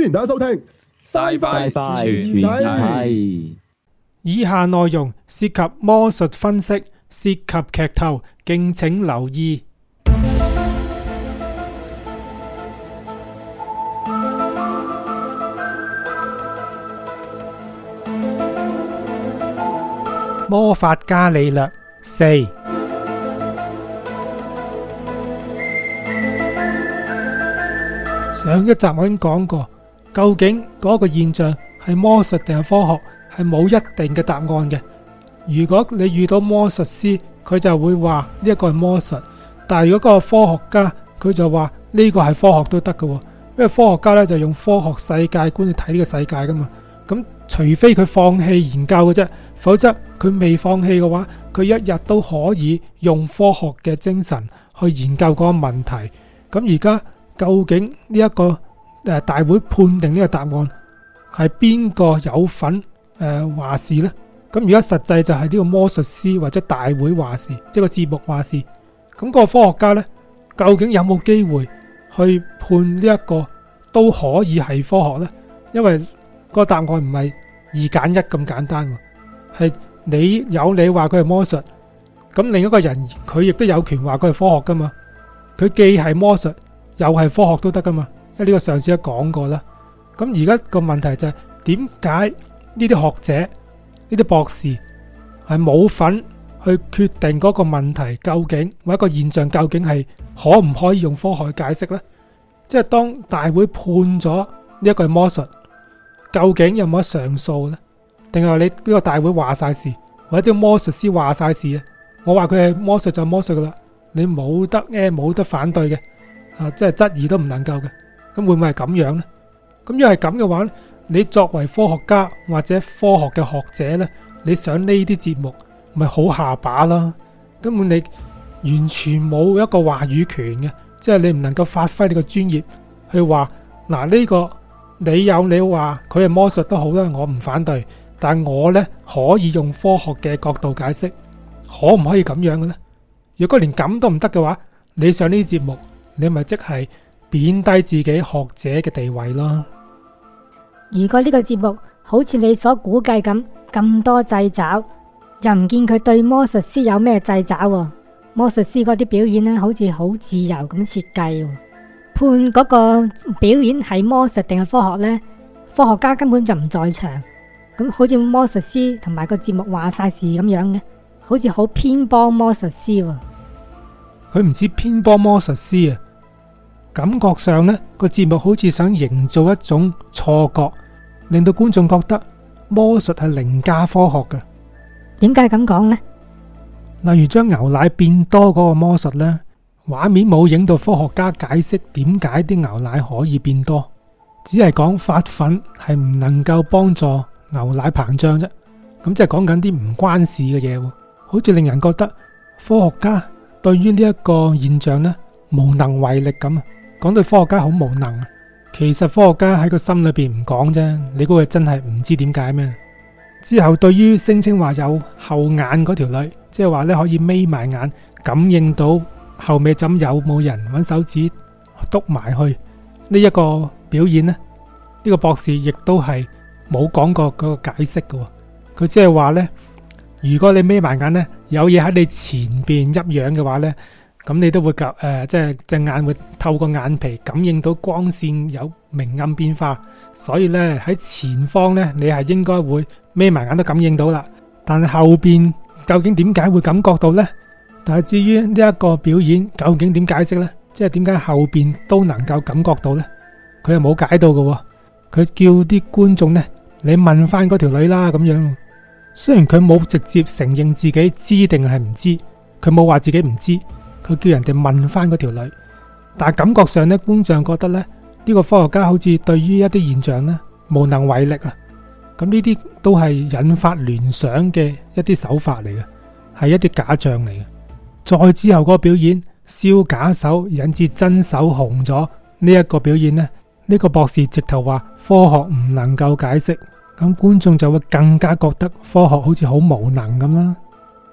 歡迎大家收聽，拜拜拜拜。以下內容涉及魔術分析，涉及劇透，敬請留意。魔法伽利略四，上一集我已經講過。究竟嗰個現象係魔術定係科學，係冇一定嘅答案嘅。如果你遇到魔術師，佢就會話呢一個係魔術；但係如果嗰個科學家，佢就話呢個係科學都得嘅。因為科學家咧就用科學世界觀去睇呢個世界噶嘛。咁除非佢放棄研究嘅啫，否則佢未放棄嘅話，佢一日都可以用科學嘅精神去研究個問題。咁而家究竟呢一個？誒，大會判定呢個答案係邊個有份誒、呃、話事呢？咁如果實際就係呢個魔術師或者大會話事，即係個節目話事。咁、個科學家呢，究竟有冇機會去判呢、這、一個都可以係科學呢？因為個答案唔係二揀一咁簡單，係你有你話佢係魔術，咁另一個人佢亦都有權話佢係科學噶嘛？佢既係魔術又係科學都得噶嘛？呢個上次都講過啦。咁而家個問題就係點解呢啲學者、呢啲博士係冇份去決定嗰個問題究竟或者一個現象究竟係可唔可以用科學去解釋呢？即係當大會判咗呢一個係魔術，究竟有冇得上訴呢？定係你呢個大會話晒事，或者即係魔術師話晒事啊？我話佢係魔術就魔術噶啦，你冇得咧，冇得反對嘅啊，即係質疑都唔能夠嘅。會唔會係咁樣呢？咁若係咁嘅話呢，你作為科學家或者科學嘅學者呢，你上呢啲節目咪好下把啦？根本你完全冇一個話語權嘅，即係你唔能夠發揮你嘅專業去話嗱，呢個你有你話佢係魔術都好啦，我唔反對，但我呢可以用科學嘅角度解釋，可唔可以咁樣嘅呢？若果連咁都唔得嘅話，你上呢啲節目，你咪即係？貶低自己學者嘅地位啦。如果呢個節目好似你所估計咁咁多掣肘，又唔見佢對魔術師有咩掣肘。魔術師嗰啲表演呢，好似好自由咁設計。判嗰個表演係魔術定係科學呢？科學家根本就唔在場。咁好似魔術師同埋個節目話晒事咁樣嘅，好似好偏幫魔術師。佢唔知偏幫魔術師啊。感覺上呢，呢個節目好似想營造一種錯覺，令到觀眾覺得魔術係凌駕科學嘅。點解咁講呢？例如將牛奶變多嗰個魔術呢，畫面冇影到科學家解釋點解啲牛奶可以變多，只係講發粉係唔能夠幫助牛奶膨脹啫。咁即係講緊啲唔關事嘅嘢，好似令人覺得科學家對於呢一個現象呢，無能為力咁啊！講到科學家好無能啊，其實科學家喺個心裏邊唔講啫。你估佢真係唔知點解咩？之後對於聲稱話有後眼嗰條女，即係話咧可以眯埋眼感應到後尾枕有冇人搵手指篤埋去呢一個表演咧，呢個博士亦都係冇講過嗰個解釋嘅。佢只係話咧，如果你眯埋眼咧，有嘢喺你前邊凹樣嘅話咧。咁你都會及誒，即、呃、係、就是、隻眼會透過眼皮感應到光線有明暗變化，所以呢，喺前方呢，你係應該會孭埋眼都感應到啦。但係後邊究竟點解會感覺到呢？但係至於呢一個表演，究竟點解釋呢？即係點解後邊都能夠感覺到呢？佢又冇解到噶。佢叫啲觀眾呢，你問翻嗰條女啦，咁樣。雖然佢冇直接承認自己知定係唔知，佢冇話自己唔知。佢叫人哋問翻嗰條女，但係感覺上呢，觀眾覺得咧，呢個科學家好似對於一啲現象呢無能為力啊。咁呢啲都係引發聯想嘅一啲手法嚟嘅，係一啲假象嚟嘅。再之後嗰個表演燒假手引致真手紅咗呢一個表演呢，呢、呢個博士直頭話科學唔能夠解釋，咁觀眾就會更加覺得科學好似好無能咁啦。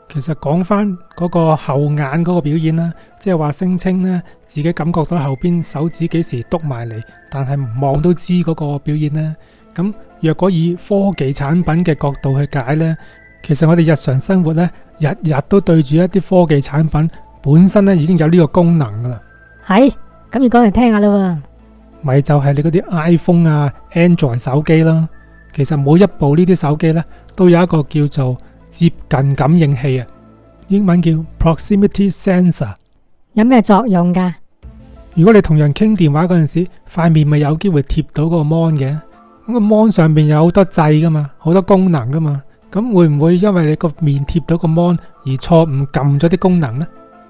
其實講翻嗰個後眼嗰個表演啦，即係話聲稱呢，自己感覺到後邊手指幾時篤埋嚟，但係唔望都知嗰個表演呢。咁若果以科技產品嘅角度去解呢，其實我哋日常生活呢，日日都對住一啲科技產品，本身呢，已經有呢個功能噶啦。係，咁要講嚟聽下啦。咪就係、是、你嗰啲 iPhone 啊、Android 手機啦。其實每一部呢啲手機呢，都有一個叫做。接近感應器啊，英文叫 proximity sensor，有咩作用噶？如果你同人傾電話嗰陣時，塊面咪有機會貼到個 mon 嘅，咁個 mon 上面有好多掣噶嘛，好多功能噶嘛，咁會唔會因為你個面貼到個 mon 而錯誤撳咗啲功能呢？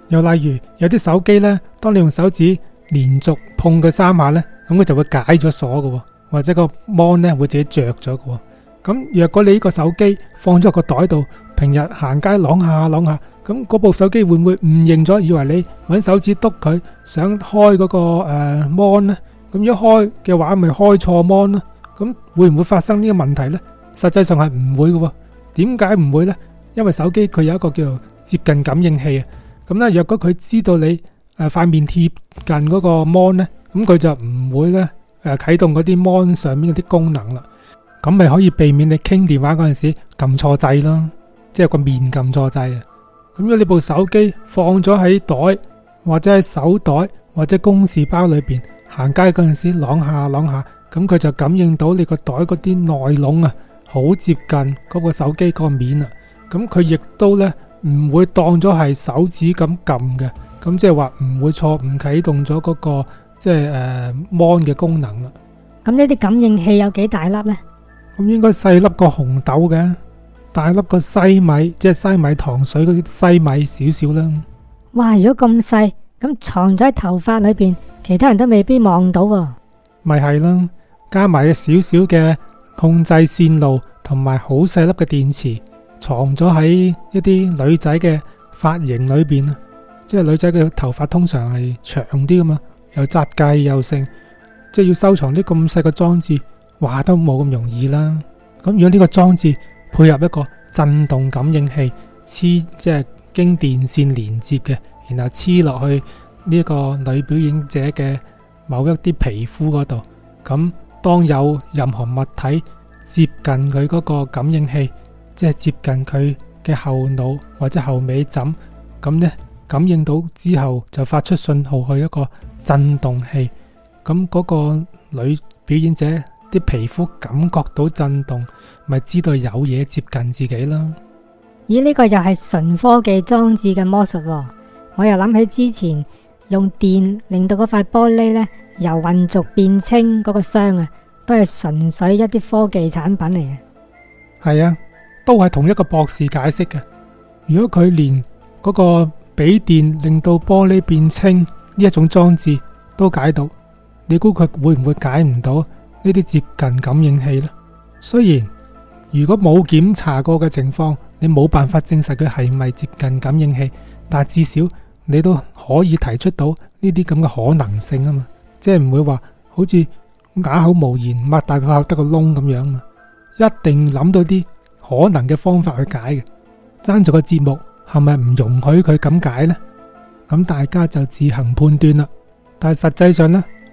又例如有啲手機呢，當你用手指連續碰佢三下呢，咁佢就會解咗鎖噶，或者個 mon 呢會自己着咗噶。咁若果你呢個手機放咗個袋度，平日行街攞下攞下，咁嗰部手機會唔會誤認咗，以為你搵手指篤佢，想開嗰個誒 mon 咧？咁一開嘅話，咪開錯 mon 咯？咁會唔會發生呢個問題咧？實際上係唔會嘅，點解唔會咧？因為手機佢有一個叫做接近感應器啊。咁咧，若果佢知道你誒塊面貼近嗰個 mon 咧，咁佢就唔會咧誒啟動嗰啲 mon 上面嗰啲功能啦。咁咪可以避免你傾電話嗰陣時撳錯掣咯，即係個面撳錯掣啊。咁如果你部手機放咗喺袋或者喺手袋或者公事包裏邊行街嗰陣時，啷下啷下，咁佢就感應到你個袋嗰啲內籠啊，好接近嗰個手機個面啊，咁佢亦都咧唔會當咗係手指咁撳嘅，咁即係話唔會錯誤啟動咗嗰個即係誒 mon 嘅功能啦。咁呢啲感應器有幾大粒呢？咁應該細粒個紅豆嘅，大粒個西米，即係西米糖水啲西米少少啦。哇！如果咁細，咁藏咗喺頭髮裏邊，其他人都未必望到喎。咪係咯，加埋少少嘅控制線路，同埋好細粒嘅電池，藏咗喺一啲女仔嘅髮型裏邊啊！即係女仔嘅頭髮通常係長啲噶嘛，又紮髻又剩，即係要收藏啲咁細嘅裝置。話都冇咁容易啦。咁如果呢個裝置配合一個震動感應器，黐即係經電線連接嘅，然後黐落去呢個女表演者嘅某一啲皮膚嗰度。咁當有任何物體接近佢嗰個感應器，即係接近佢嘅後腦或者後尾枕，咁呢，感應到之後就發出信號去一個震動器。咁嗰個女表演者，啲皮膚感覺到震動，咪知道有嘢接近自己啦。咦？呢個又係純科技裝置嘅魔術。我又諗起之前用電令到嗰塊玻璃呢，由混濁變清嗰個箱啊，都係純粹一啲科技產品嚟嘅。係啊，都係同一個博士解釋嘅。如果佢連嗰個俾電令到玻璃變清呢一種裝置都解到，你估佢會唔會解唔到？呢啲接近感應器啦，雖然如果冇檢查過嘅情況，你冇辦法證實佢係咪接近感應器，但至少你都可以提出到呢啲咁嘅可能性啊嘛，即係唔會話好似啞口無言，擘大個口得個窿咁樣啊，一定諗到啲可能嘅方法去解嘅。爭咗個節目係咪唔容許佢咁解呢？咁大家就自行判斷啦。但係實際上呢。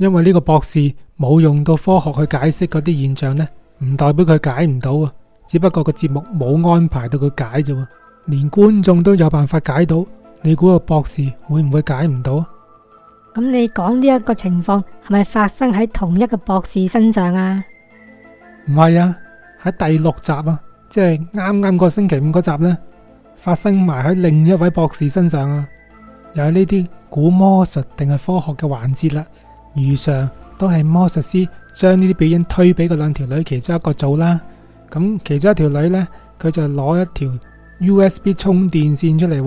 因為呢個博士冇用到科學去解釋嗰啲現象咧，唔代表佢解唔到啊，只不過個節目冇安排到佢解啫。連觀眾都有辦法解到，你估個博士會唔會解唔到啊？咁你講呢一個情況係咪發生喺同一個博士身上啊？唔係啊，喺第六集啊，即係啱啱個星期五嗰集咧，發生埋喺另一位博士身上啊，又係呢啲估魔術定係科學嘅環節啦。如常都係魔術師將呢啲表演推俾個兩條女其中一個做啦，咁其中一條女呢，佢就攞一條 USB 充電線出嚟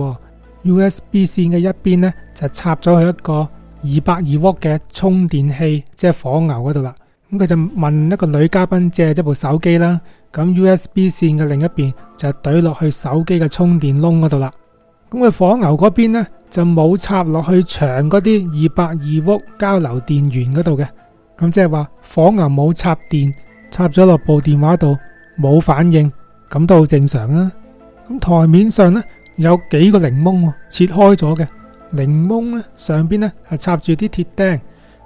，USB 線嘅一邊呢，就插咗去一個二百二伏嘅充電器，即係火牛嗰度啦。咁佢就問一個女嘉賓借咗部手機啦，咁 USB 線嘅另一邊就懟落去手機嘅充電窿嗰度啦。咁佢火牛嗰邊呢？就冇插落去牆嗰啲二百二屋交流電源嗰度嘅，咁即係話火牛冇插電，插咗落部電話度冇反應，咁都好正常啊。咁台面上呢，有幾個檸檬切開咗嘅，檸檬呢，上邊呢，係插住啲鐵釘，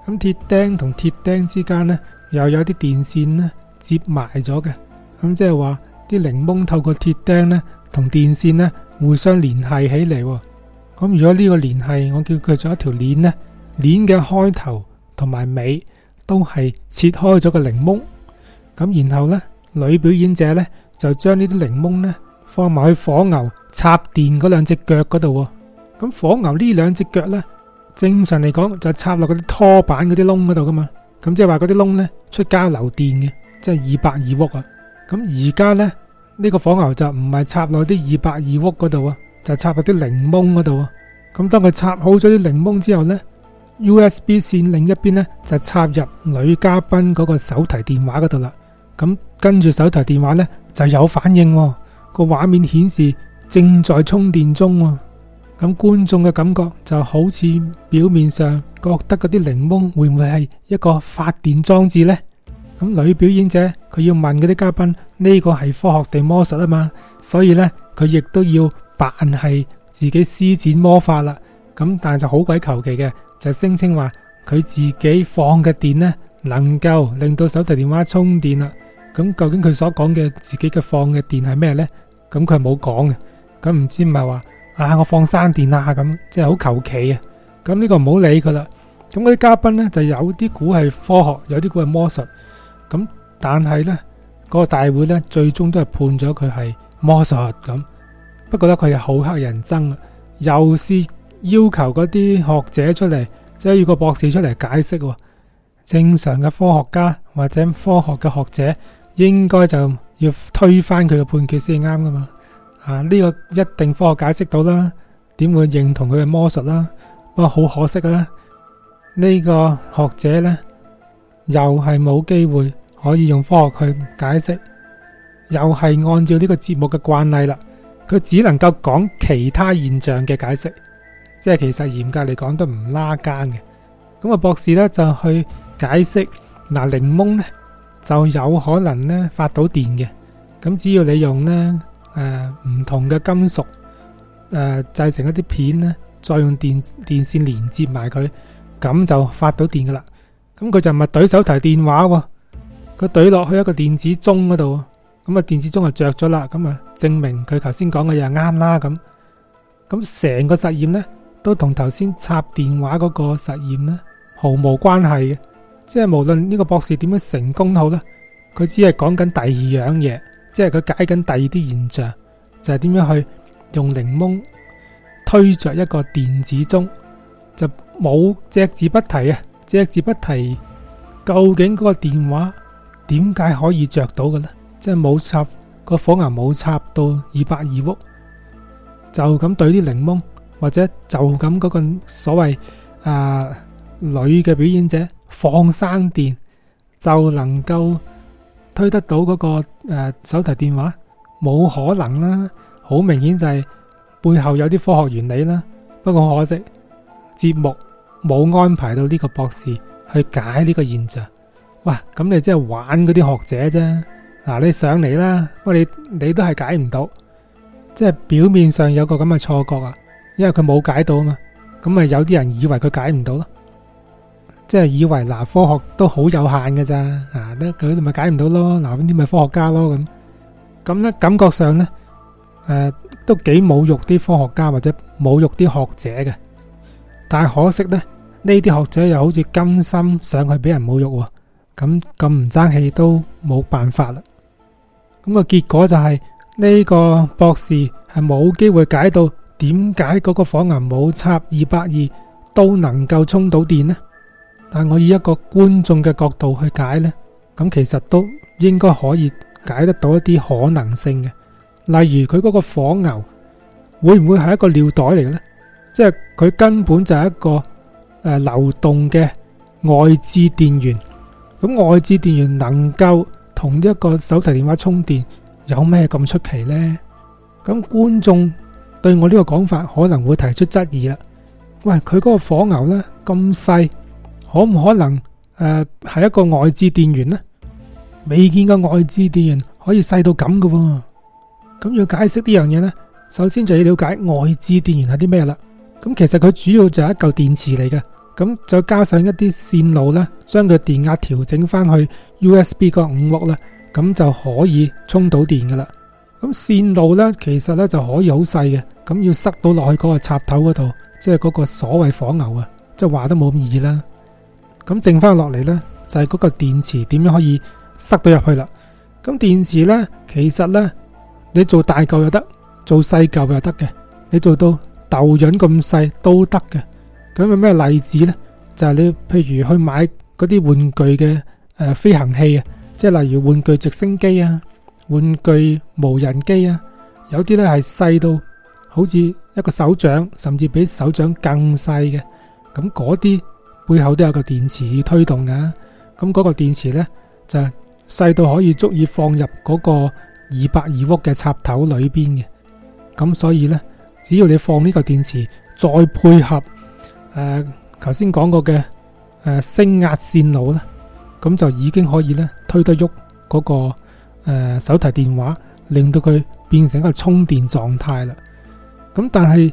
咁鐵釘同鐵釘之間呢，又有啲電線接埋咗嘅，咁即係話啲檸檬透過鐵釘呢，同電線呢，互相聯繫起嚟。咁如果呢個鏈係，我叫佢做一條鏈咧，鏈嘅開頭同埋尾都係切開咗個檸檬。咁然後咧，女表演者咧就將呢啲檸檬咧放埋去火牛插電嗰兩隻腳嗰度。咁火牛呢兩隻腳咧，正常嚟講就插落嗰啲拖板嗰啲窿嗰度噶嘛。咁即係話嗰啲窿咧出交流電嘅，即係二百二伏啊。咁而家咧，呢個火牛就唔係插落啲二百二伏嗰度啊。就插入啲檸檬嗰度，咁當佢插好咗啲檸檬之後呢 USB 線另一邊呢就插入女嘉賓嗰個手提電話嗰度啦。咁跟住手提電話呢就有反應，哦，個畫面顯示正在充電中，哦。咁觀眾嘅感覺就好似表面上覺得嗰啲檸檬會唔會係一個發電裝置呢？咁女表演者佢要問嗰啲嘉賓呢，這個係科學定魔術啊嘛，所以呢，佢亦都要。扮係自己施展魔法啦，咁但係就好鬼求其嘅，就聲稱話佢自己放嘅電呢，能夠令到手提電話充電啦。咁究竟佢所講嘅自己嘅放嘅電係咩呢？咁佢係冇講嘅，咁唔知唔係話啊我放山電啊咁，即係好求其啊。咁呢個唔好理佢啦。咁嗰啲嘉賓呢，就有啲估係科學，有啲估係魔術。咁但係呢，嗰個大會呢，最終都係判咗佢係魔術咁。不過咧，佢又好乞人憎啊！又是要求嗰啲學者出嚟，即係要個博士出嚟解釋。正常嘅科學家或者科學嘅學者，應該就要推翻佢嘅判決先啱噶嘛？啊，呢個一定科學解釋到啦，點會認同佢嘅魔術啦？不過哇，好可惜啦！呢個學者呢，又係冇機會可以用科學去解釋，又係按照呢個節目嘅慣例啦。佢只能夠講其他現象嘅解釋，即係其實嚴格嚟講都唔拉更嘅。咁啊，博士咧就去解釋，嗱，檸檬咧就有可能咧發到電嘅。咁只要你用咧誒唔同嘅金屬誒製成一啲片咧，再用電電線連接埋佢，咁就發到電㗎喇。咁佢就咪隊手提電話喎，佢隊落去一個電子鐘嗰度。咁啊，電子鐘就着咗啦，咁啊證明佢頭先講嘅嘢啱啦。咁咁成個實驗咧，都同頭先插電話嗰個實驗咧毫無關係嘅。即係無論呢個博士點樣成功都好啦，佢只係講緊第二樣嘢，即係佢解緊第二啲現象，就係點樣去用檸檬推着一個電子鐘，就冇隻字不提啊，隻字不提究竟嗰個電話點解可以着到嘅咧。即係冇插個火牛，冇插到二百二伏，就咁對啲檸檬，或者就咁嗰個所謂、呃、女嘅表演者放生電，就能夠推得到嗰、嗰個誒、呃、手提電話，冇可能啦。好明顯就係背後有啲科學原理啦。不過可惜節目冇安排到呢個博士去解呢個現象。哇，咁你即係玩嗰啲學者啫。嗱，你上嚟啦，我你你都係解唔到，即係表面上有個咁嘅錯覺啊，因為佢冇解到嘛，咁咪有啲人以為佢解唔到咯，即係以為嗱科學都好有限嘅咋，啊，佢咪解唔到咯，嗱呢啲咪科學家咯咁，咁咧感覺上咧，誒都幾侮辱啲科學家或者侮辱啲學者嘅，但係可惜咧，呢啲學者又好似甘心上去俾人侮辱喎，咁咁唔爭氣都冇辦法啦。咁個結果就係呢個博士係冇機會解到點解嗰個火牛冇插二百二都能夠充到電呢？但我以一個觀眾嘅角度去解呢，咁其實都應該可以解得到一啲可能性嘅，例如佢嗰個火牛會唔會係一個尿袋嚟嘅呢？即係佢根本就係一個誒流動嘅外置電源，咁外置電源能夠。同一個手提電話充電有咩咁出奇呢？咁觀眾對我呢個講法可能會提出質疑啦。喂，佢嗰個火牛呢咁細，可唔可能誒係一個外置電源呢？未見過外置電源可以細到咁噶喎。咁要解釋呢樣嘢呢，首先就要了解外置電源係啲咩啦。咁其實佢主要就係一嚿電池嚟嘅。咁再加上一啲線路咧，將佢電壓調整翻去 USB 個五伏咧，咁就可以充到電噶啦。咁線路咧，其實咧就可以好細嘅，咁要塞到落去嗰個插頭嗰度，即係嗰個所謂火牛啊，即係話都冇咁易啦。咁剩翻落嚟咧，就係嗰個電池點樣可以塞到入去啦。咁電池咧，其實咧，你做大舊又得，做細舊又得嘅，你做到豆潤咁細都得嘅。咁有咩例子呢？就係、是、你，譬如去買嗰啲玩具嘅誒、呃、飛行器啊，即係例如玩具直升機啊，玩具無人機啊，有啲呢係細到好似一個手掌，甚至比手掌更細嘅。咁嗰啲背後都有個電池去推動嘅、啊。咁嗰個電池呢，就係細到可以足以放入嗰個二百二屋嘅插頭裏邊嘅。咁所以呢，只要你放呢個電池，再配合。誒，頭先講過嘅誒升壓線路咧，咁就已經可以咧推得喐嗰個誒手提電話，令到佢變成一個充電狀態啦。咁但係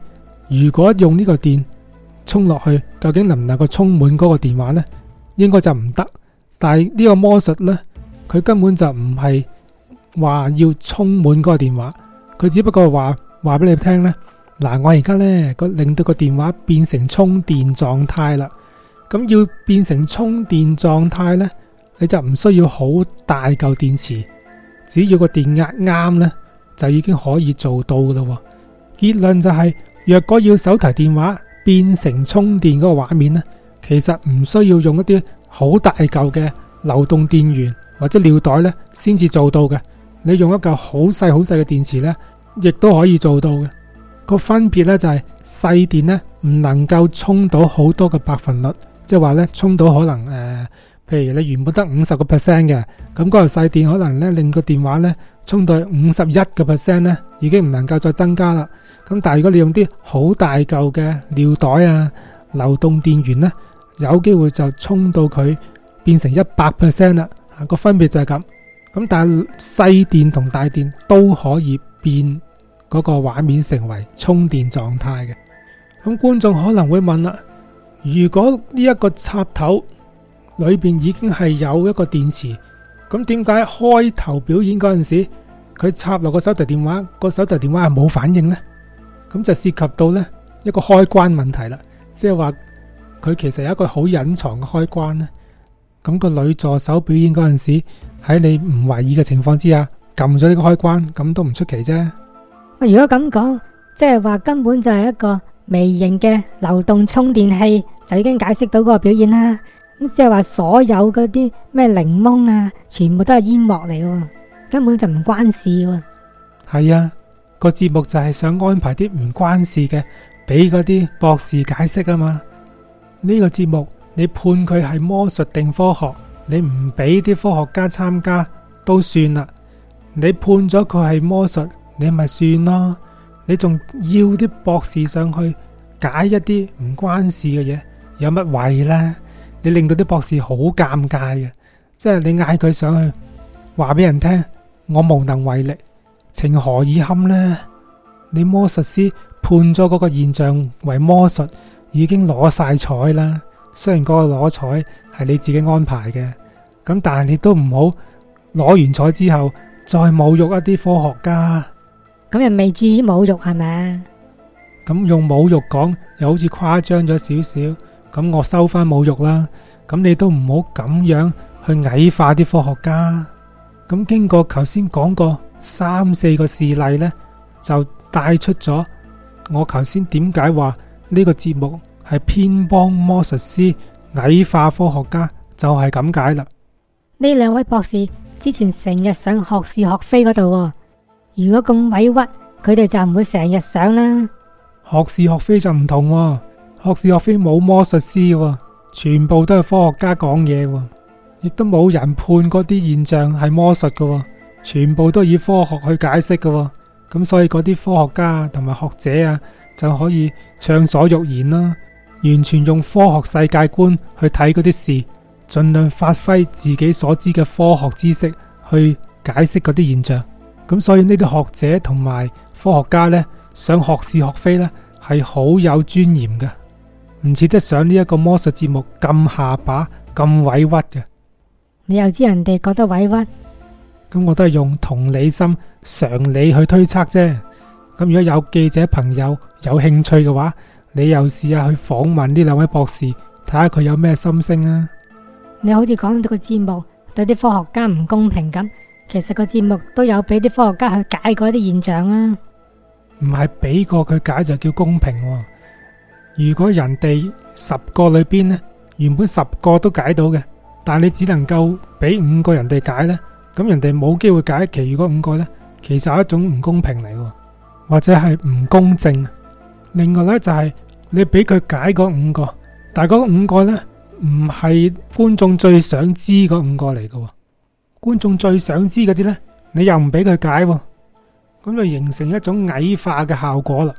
如果用呢個電充落去，究竟能唔能夠充滿嗰個電話咧？應該就唔得。但係呢個魔術咧，佢根本就唔係話要充滿嗰個電話，佢只不過話話俾你聽咧。嗱，我而家咧個令到個電話變成充電狀態啦。咁要變成充電狀態呢，你就唔需要好大嚿電池，只要個電壓啱呢，就已經可以做到噶啦。結論就係，若果要手提電話變成充電嗰個畫面呢，其實唔需要用一啲好大嚿嘅流動電源或者尿袋呢先至做到嘅。你用一嚿好細好細嘅電池呢，亦都可以做到嘅。那個分別咧就係細電咧唔能夠充到好多嘅百分率，即係話咧充到可能誒、呃，譬如你原本得五十個 percent 嘅，咁嗰個細電可能咧令個電話咧充到五十一個 percent 咧，已經唔能夠再增加啦。咁但係如果你用啲好大嚿嘅尿袋啊，流動電源咧，有機會就充到佢變成一百 percent 啦。啊，個分別就係咁。咁但係細電同大電都可以變。嗰個畫面成為充電狀態嘅，咁，觀眾可能會問啦：如果呢一個插頭裏邊已經係有一個電池，咁點解開頭表演嗰陣時佢插落個手提電話，個手提電話係冇反應呢？咁就涉及到呢一個開關問題啦，即係話佢其實有一個好隱藏嘅開關呢。咁個女助手表演嗰陣時，喺你唔懷疑嘅情況之下，撳咗呢個開關，咁都唔出奇啫。如果咁講，即係話根本就係一個微型嘅流動充電器就已經解釋到嗰個表現啦。咁即係話所有嗰啲咩檸檬啊，全部都係煙幕嚟，根本就唔關事。係啊，個節目就係想安排啲唔關事嘅俾嗰啲博士解釋啊嘛。呢個節目你判佢係魔術定科學？你唔俾啲科學家參加都算啦。你判咗佢係魔術。你咪算咯，你仲要啲博士上去解一啲唔關事嘅嘢，有乜謂呢？你令到啲博士好尷尬嘅，即係你嗌佢上去話俾人聽，我無能為力，情何以堪呢？你魔術師判咗嗰個現象為魔術，已經攞晒彩啦。雖然嗰個攞彩係你自己安排嘅，咁但係你都唔好攞完彩之後再侮辱一啲科學家。咁又未至於侮辱係咪？咁用侮辱講，又好似誇張咗少少。咁我收翻侮辱啦。咁你都唔好咁樣去矮化啲科學家。咁經過頭先講過三四個事例呢，就帶出咗我頭先點解話呢個節目係偏幫魔術師矮化科學家，就係咁解啦。呢兩位博士之前成日上學是學非嗰度。如果咁委屈，佢哋就唔會成日上啦。學是學非就唔同啊，學是學非冇魔術師嘅啊，全部都係科學家講嘢啊，亦都冇人判嗰啲現象係魔術嘅啊，全部都以科學去解釋嘅啊。咁所以嗰啲科學家同埋學者啊，就可以暢所欲言啦啊，完全用科學世界觀去睇嗰啲事，盡量發揮自己所知嘅科學知識去解釋嗰啲現象。咁所以呢啲學者同埋科學家呢，想學是學非呢，係好有尊嚴嘅，唔似得上呢一個魔術節目咁下巴咁委屈嘅。你又知人哋覺得委屈？咁我都係用同理心、常理去推測啫。咁如果有記者朋友有興趣嘅話，你又試下去訪問呢兩位博士，睇下佢有咩心聲啊。你好似講到個節目對啲科學家唔公平咁。其實個節目都有俾啲科學家去解過啲現象啊，唔係俾過佢解就叫公平喎。如果人哋十個裏邊呢，原本十個都解到嘅，但係你只能夠俾五個人哋解呢，咁人哋冇機會解其餘嗰五個呢，其實係一種唔公平嚟，或者係唔公正。另外呢，就係、是、你俾佢解嗰五個，但係嗰五個呢，唔係觀眾最想知嗰五個嚟嘅。觀眾最想知嗰啲呢，你又唔俾佢解，咁就形成一種矮化嘅效果啦。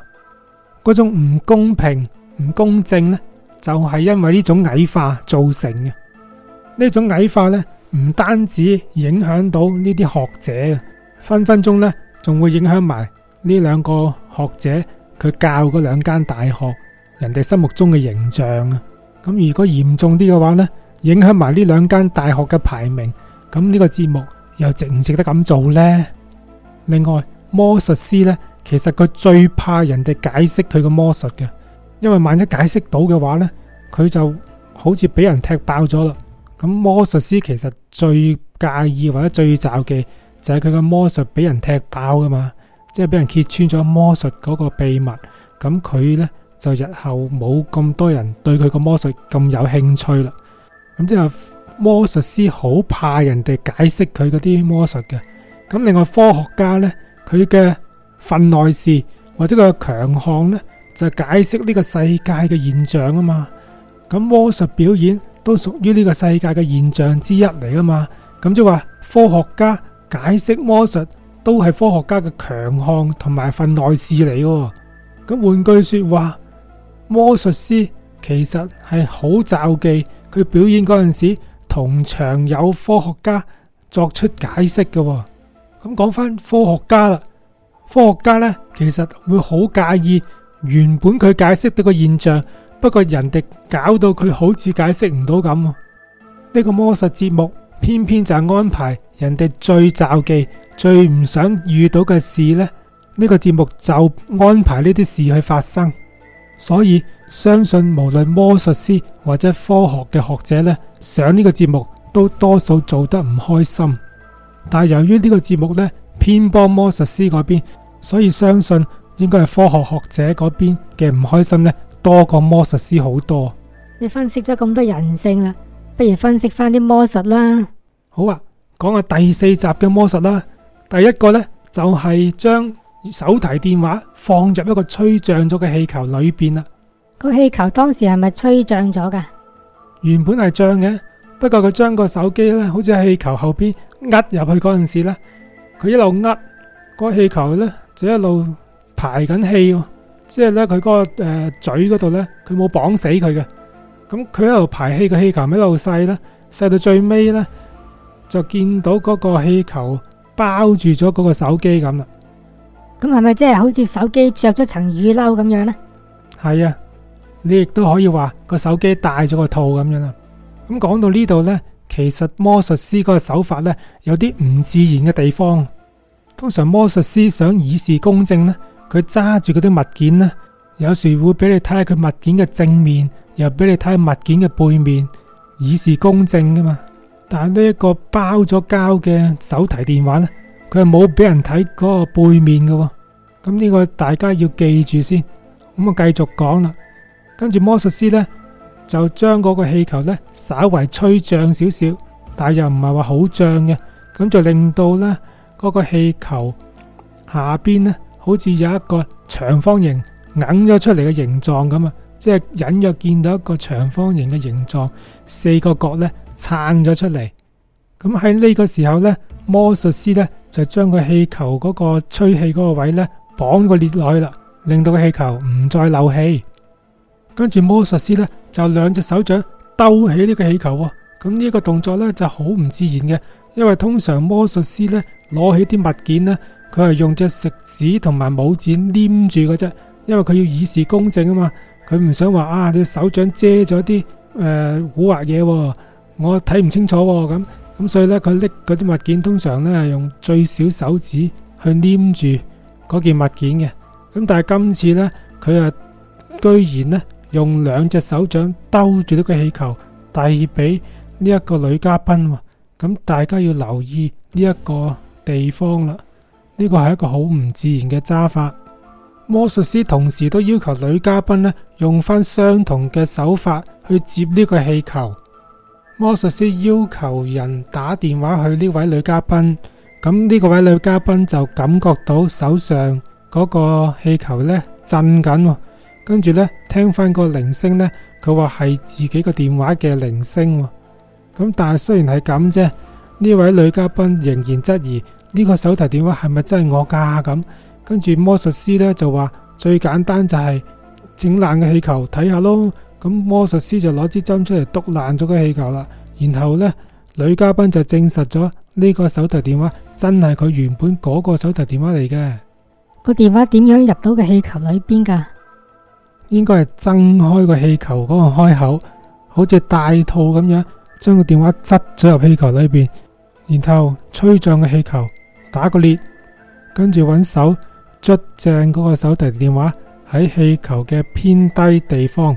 嗰種唔公平、唔公正呢，就係因為呢種矮化造成嘅。呢種矮化呢，唔單止影響到呢啲學者，分分鐘呢仲會影響埋呢兩個學者佢教嗰兩間大學人哋心目中嘅形象啊。咁如果嚴重啲嘅話呢，影響埋呢兩間大學嘅排名。咁呢個節目又值唔值得咁做呢？另外魔術師呢，其實佢最怕人哋解釋佢個魔術嘅，因為萬一解釋到嘅話呢，佢就好似俾人踢爆咗啦。咁魔術師其實最介意或者最忌嘅就係佢個魔術俾人踢爆噶嘛，即係俾人揭穿咗魔術嗰個秘密。咁佢呢就日後冇咁多人對佢個魔術咁有興趣啦。咁之後。魔術師好怕人哋解釋佢嗰啲魔術嘅，咁另外科學家呢，佢嘅份內事或者佢嘅強項呢，就係解釋呢個世界嘅現象啊嘛，咁魔術表演都屬於呢個世界嘅現象之一嚟啊嘛，咁即係話科學家解釋魔術都係科學家嘅強項同埋份內事嚟，咁換句說話，魔術師其實係好罩忌佢表演嗰陣時。同場有科學家作出解釋嘅、哦，咁講翻科學家啦，科學家呢，其實會好介意原本佢解釋到個現象，不過人哋搞到佢好似解釋唔到咁。呢個魔術節目偏偏就安排人哋最撞忌，忌、最唔想遇到嘅事呢。呢個節目就安排呢啲事去發生。所以相信無論魔術師或者科學嘅學者呢，上呢個節目都多數做得唔開心。但係由於呢個節目呢偏幫魔術師嗰邊，所以相信應該係科學學者嗰邊嘅唔開心呢多過魔術師好多。你分析咗咁多人性啦，不如分析翻啲魔術啦。好啊，講下第四集嘅魔術啦。第一個呢，就係將。手提電話放入一個吹脹咗嘅氣球裏邊啦。個氣球當時係咪吹脹咗噶？原本係脹嘅，不過佢將個手機呢好似喺氣球後邊呃入去嗰陣時呢，佢一路呃、個氣球呢就一路排緊氣，即係呢，佢嗰個誒嘴嗰度呢，佢冇綁死佢嘅，咁佢一路排氣、個氣球一路細啦，細到最尾呢，就見到嗰個氣球包住咗嗰個手機咁啦。咁係咪即係好似手機着咗層雨褸咁樣呢？係啊，你亦都可以話個手機戴咗個套咁樣啊。咁講到呢度呢，其實魔術師嗰個手法呢，有啲唔自然嘅地方。通常魔術師想以示公正呢，佢揸住嗰啲物件呢，有時會俾你睇下佢物件嘅正面，又俾你睇下物件嘅背面，以示公正噶嘛。但係呢一個包咗膠嘅手提電話呢。佢係冇俾人睇嗰個背面嘅，咁呢個大家要記住先，咁我繼續講啦。跟住魔術師咧就將嗰個氣球咧稍為吹脹少少，但係又唔係話好脹嘅，咁就令到咧嗰個氣球下邊咧好似有一個長方形硬咗出嚟嘅形狀咁啊，即係隱約見到一個長方形嘅形狀，四個角咧撐咗出嚟。咁喺呢個時候咧，魔術師咧。就將個氣球嗰個吹氣嗰個位咧綁個鏈落去啦，令到個氣球唔再漏氣。跟住魔術師咧就兩隻手掌兜起呢個氣球喎，咁呢個動作咧就好唔自然嘅，因為通常魔術師咧攞起啲物件咧，佢係用隻食指同埋拇指粘住嘅啫，因為佢要以示公正啊嘛，佢唔想話啊你手掌遮咗啲誒古惑嘢，我睇唔清楚咁。咁所以咧，佢拎嗰啲物件通常咧係用最少手指去黏住嗰件物件嘅。咁但係今次咧，佢啊居然咧用兩隻手掌兜住呢個氣球，遞俾呢一個女嘉賓喎。咁大家要留意呢一個地方啦。呢個係一個好唔自然嘅揸法。魔術師同時都要求女嘉賓咧用翻相同嘅手法去接呢個氣球。魔術師要求人打電話去呢位女嘉賓，咁呢個位女嘉賓就感覺到手上嗰個氣球呢震緊，跟住呢，聽翻個鈴聲呢，佢話係自己個電話嘅鈴聲，咁但係雖然係咁啫，呢位女嘉賓仍然質疑呢個手提電話係咪真係我噶咁、啊，跟住魔術師呢，就話最簡單就係整爛個氣球睇下咯。咁魔術師就攞支針出嚟，篤爛咗個氣球啦。然後呢，女嘉賓就證實咗呢個手提電話真係佢原本嗰個手提電話嚟嘅。個電話點樣入到個氣球裏邊噶？應該係掙開個氣球嗰個開口，好似大套咁樣，將個電話執咗入氣球裏邊，然後吹脹個氣球，打個裂，跟住揾手捽正嗰個手提電話喺氣球嘅偏低地方。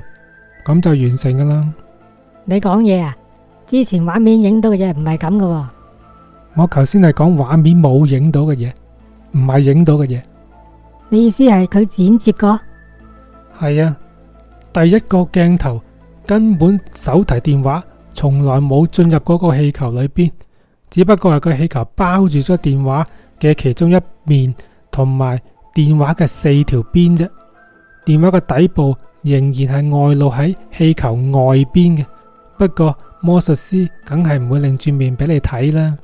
咁就完成噶啦！你講嘢啊，之前畫面影到嘅嘢唔係咁噶喎。我頭先係講畫面冇影到嘅嘢，唔係影到嘅嘢。你意思係佢剪接過？係啊，第一個鏡頭根本手提電話從來冇進入嗰個氣球裏邊，只不過係個氣球包住咗電話嘅其中一面，同埋電話嘅四條邊啫，電話嘅底部。仍然係外露喺氣球外邊嘅，不過魔術師梗係唔會擰轉面俾你睇啦。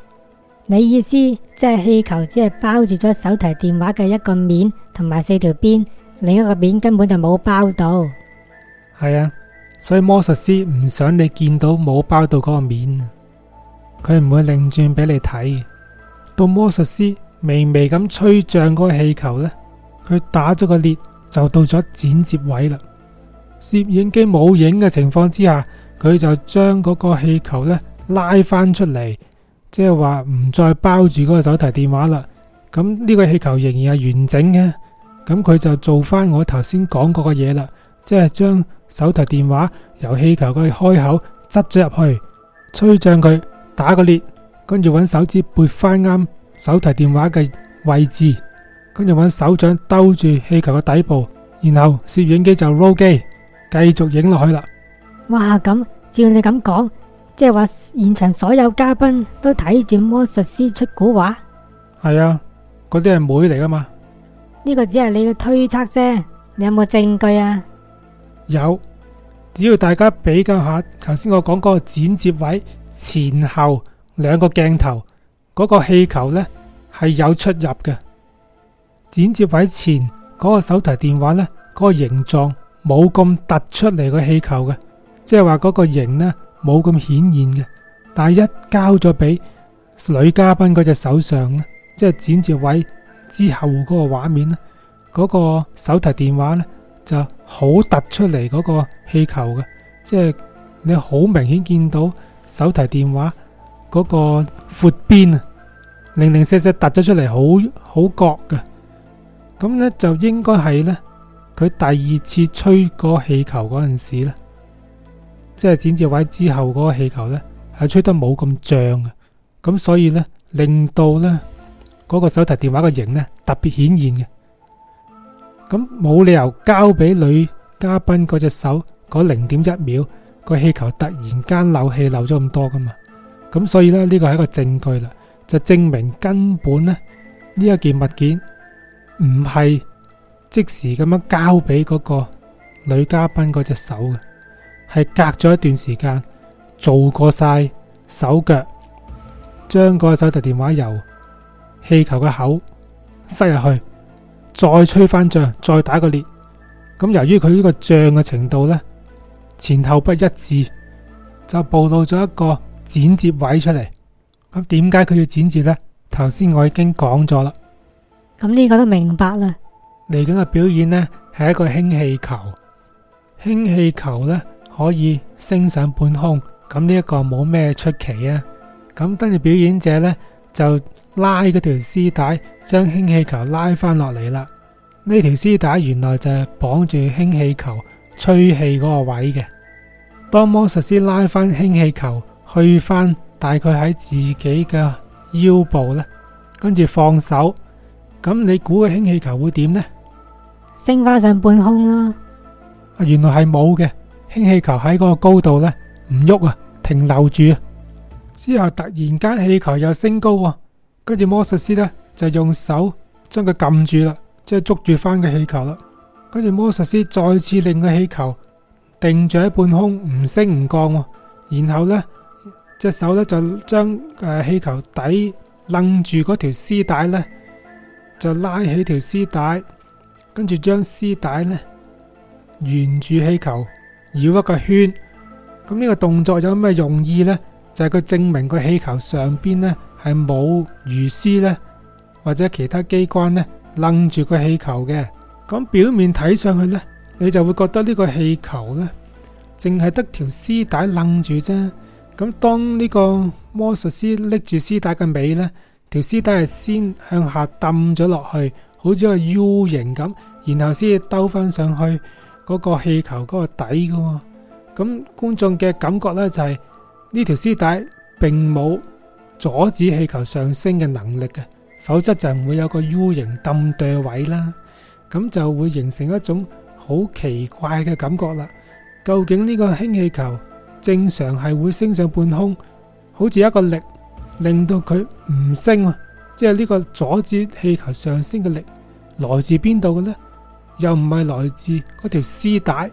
你意思即係氣球只係包住咗手提電話嘅一個面，同埋四條邊，另一個面根本就冇包到。係啊，所以魔術師唔想你見到冇包到嗰個面，佢唔會擰轉俾你睇。到魔術師微微咁吹脹嗰個氣球呢，佢打咗個裂就到咗剪接位啦。攝影機冇影嘅情況之下，佢就將嗰個氣球呢拉翻出嚟，即係話唔再包住嗰個手提電話啦。咁呢個氣球仍然係完整嘅，咁佢就做翻我頭先講過嘅嘢啦，即係將手提電話由氣球嘅開口執咗入去，吹脹佢打個裂，跟住揾手指撥翻啱手提電話嘅位置，跟住揾手掌兜住氣球嘅底部，然後攝影機就 roll 機。繼續影落去啦！哇，咁照你咁講，即係話現場所有嘉賓都睇住魔術師出古畫？係啊，嗰啲係妹嚟噶嘛？呢個只係你嘅推測啫，你有冇證據啊？有，只要大家比較下，頭先我講嗰個剪接位前後兩個鏡頭嗰個氣球呢係有出入嘅，剪接位前嗰個手提電話呢，嗰個形狀。冇咁突出嚟個氣球嘅，即係話嗰個型咧冇咁顯現嘅。但係一交咗俾女嘉賓嗰隻手上咧，即係剪接位之後嗰個畫面咧，嗰個手提電話咧就好突出嚟嗰個氣球嘅，即係你好明顯見到手提電話嗰個闊邊啊，零零舍舍突咗出嚟，好好角嘅。咁咧就應該係咧。佢第二次吹嗰氣球嗰陣時咧，即係剪接位之後嗰個氣球咧，係吹得冇咁脹啊，咁所以咧令到咧嗰個手提電話嘅型咧特別顯現嘅，咁冇理由交俾女嘉賓嗰隻手嗰零點一秒個氣球突然間漏氣漏咗咁多噶嘛，咁所以咧呢個係一個證據啦，就證明根本咧呢一件物件唔係。即時咁樣交俾嗰個女嘉賓嗰隻手嘅，係隔咗一段時間做過晒手腳，將個手提電話由氣球嘅口塞入去，再吹翻脹，再打個裂。咁由於佢呢個脹嘅程度呢，前後不一致，就暴露咗一個剪接位出嚟。咁點解佢要剪接呢？頭先我已經講咗啦，咁呢個都明白啦。嚟緊嘅表演呢，係一個氫氣球。氫氣球呢，可以升上半空，咁呢一個冇咩出奇啊！咁跟住表演者呢，就拉嗰條絲帶，將氫氣球拉翻落嚟啦。呢條絲帶原來就係綁住氫氣球吹氣嗰個位嘅。當魔術師拉翻氫氣球去翻，大概喺自己嘅腰部呢，跟住放手，咁你估個氫氣球會點呢？升翻上半空啦！啊，原來係冇嘅氫氣球喺嗰個高度咧，唔喐啊，停留住之後突然間氣球又升高啊，跟住魔術師咧就用手將佢撳住啦，即係捉住翻個氣球啦，跟住魔術師再次令個氣球定住喺半空，唔升唔降，然後咧隻手咧就將誒氣球底撚住嗰條絲帶咧就拉起條絲帶。跟住將絲帶呢沿住氣球繞一個圈。咁、這、呢個動作有咩用意呢？就係、是、佢證明個氣球上邊呢係冇魚絲呢，或者其他機關呢楞住個氣球嘅。咁表面睇上去呢，你就會覺得呢個氣球呢淨係得條絲帶楞住啫。咁當呢個魔術師拎住絲帶嘅尾呢，條絲帶係先向下揼咗落去。好似個 U 形咁，然後先兜翻上去嗰個氣球嗰個底噶嘛。咁觀眾嘅感覺呢，就係呢條絲帶並冇阻止氣球上升嘅能力嘅，否則就唔會有個 U 形咁對位啦。咁就會形成一種好奇怪嘅感覺啦。究竟呢個氫氣球正常係會升上半空，好似一個力令到佢唔升啊？即係呢個阻止氣球上升嘅力來自邊度嘅呢？又唔係來自嗰條絲帶？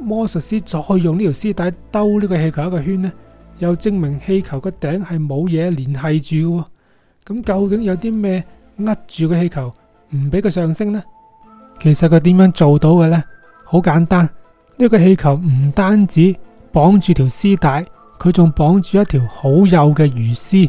魔術師再用呢條絲帶兜呢個氣球一個圈呢，又證明氣球個頂係冇嘢聯繫住嘅。咁究竟有啲咩呃住個氣球唔俾佢上升呢？其實佢點樣做到嘅呢？好簡單，呢、這個氣球唔單止綁住條絲帶，佢仲綁住一條好幼嘅魚絲。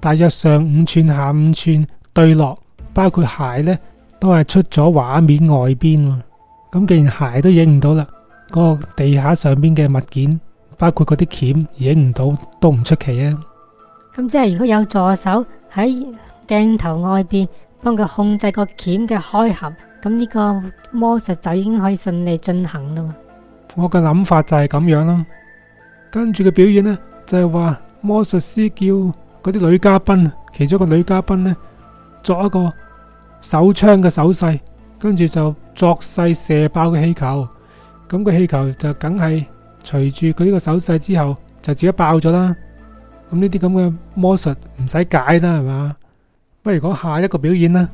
大約上五寸，下五寸對落，包括鞋呢，都係出咗畫面外邊。咁既然鞋都影唔到啦，嗰、嗰個地下上邊嘅物件，包括嗰啲鉗影唔到，都唔出奇啊。咁即係如果有助手喺鏡頭外邊幫佢控制個鉗嘅開合，咁呢個魔術就已經可以順利進行啦。我嘅諗法就係咁樣啦。跟住嘅表演呢，就係、係、話魔術師叫。嗰啲女嘉賓，其中一個女嘉賓呢，作一個手槍嘅手勢，跟住就作勢射爆嘅氣球。咁、那個氣球就梗係隨住佢呢個手勢之後，就自己爆咗啦。咁呢啲咁嘅魔術唔使解啦，係嘛？不如講下一個表演啦。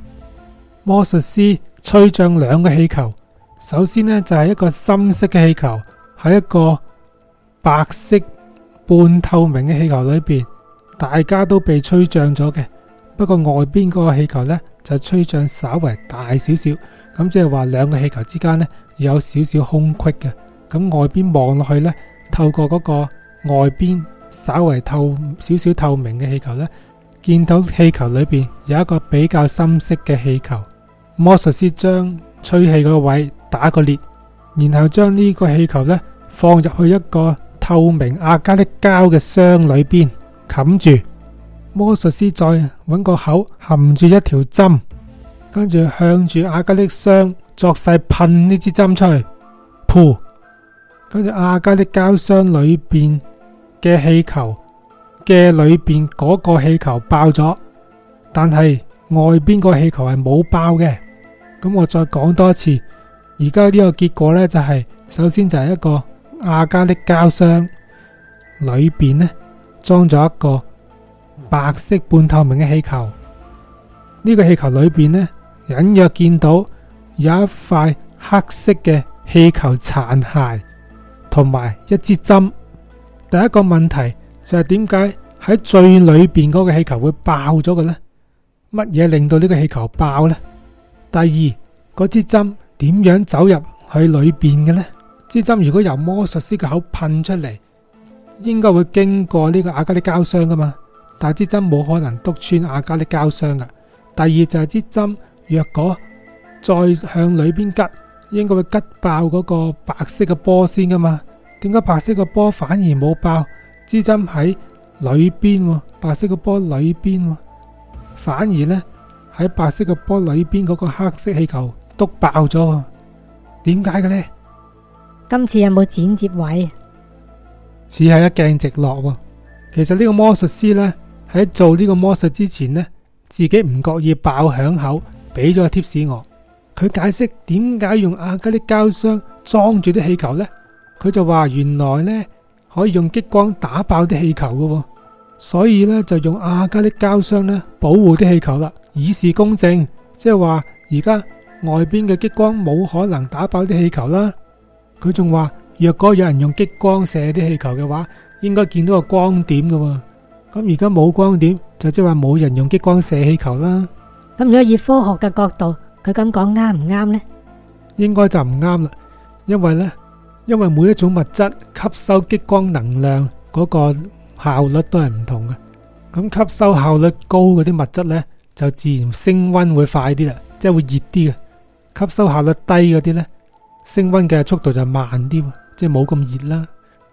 魔術師吹脹兩個氣球，首先呢，就係、是、一個深色嘅氣球喺一個白色半透明嘅氣球裏邊。大家都被吹脹咗嘅，不過外邊嗰個氣球呢，就吹脹稍微大少少，咁即係話兩個氣球之間呢，有少少空隙嘅。咁外邊望落去呢，透過嗰個外邊稍微透少少透明嘅氣球呢，見到氣球裏邊有一個比較深色嘅氣球。魔術師將吹氣個位打個裂，然後將呢個氣球呢，放入去一個透明亞加力膠嘅箱裏邊。冚住魔術師再搵個口含住一條針，跟住向住亞加力箱作勢噴呢支針出去，噗，跟住亞加力膠箱裏邊嘅氣球嘅裏邊嗰個氣球爆咗，但係外邊個氣球係冇爆嘅。咁我再講多一次，而家呢個結果呢、就係，就係首先就係一個亞加力膠箱裏邊呢。裝咗一個白色半透明嘅氣球，呢個氣球裏邊呢，隱約見到有一塊黑色嘅氣球殘骸同埋一支針。第一個問題就係點解喺最裏邊嗰個氣球會爆咗嘅呢？乜嘢令到呢個氣球爆呢？第二，嗰支針點樣走入去裏邊嘅呢？支針如果由魔術師嘅口噴出嚟？應該會經過呢個亞加力膠箱噶嘛，但係支針冇可能篤穿亞加力膠箱噶。第二就係支針若果再向裏邊吉，應該會吉爆嗰個白色嘅波先噶嘛？點解白色嘅波反而冇爆？支針喺裏邊，白色嘅波裏邊，反而呢，喺白色嘅波裏邊嗰個黑色氣球篤爆咗？點解嘅呢？今次有冇剪接位？只係一鏡直落喎。其實呢個魔術師呢，喺做呢個魔術之前呢，自己唔覺意爆響口，俾咗個貼士我。佢解釋點解用亞加力膠箱裝住啲氣球呢？佢就話原來呢可以用激光打爆啲氣球噶，所以呢，就用亞加力膠箱呢保護啲氣球啦，以示公正。即係話而家外邊嘅激光冇可能打爆啲氣球啦。佢仲話。若果有人用激光射啲氣球嘅話，應該見到個光點噶喎，咁而家冇光點，就即係話冇人用激光射氣球啦。咁如果以科學嘅角度，佢咁講啱唔啱呢？應該就唔啱啦，因為呢，因為每一種物質吸收激光能量嗰個效率都係唔同嘅。咁吸收效率高嗰啲物質呢，就自然升溫會快啲啦，即係會熱啲嘅。吸收效率低嗰啲呢，升溫嘅速度就慢啲。即係冇咁熱啦，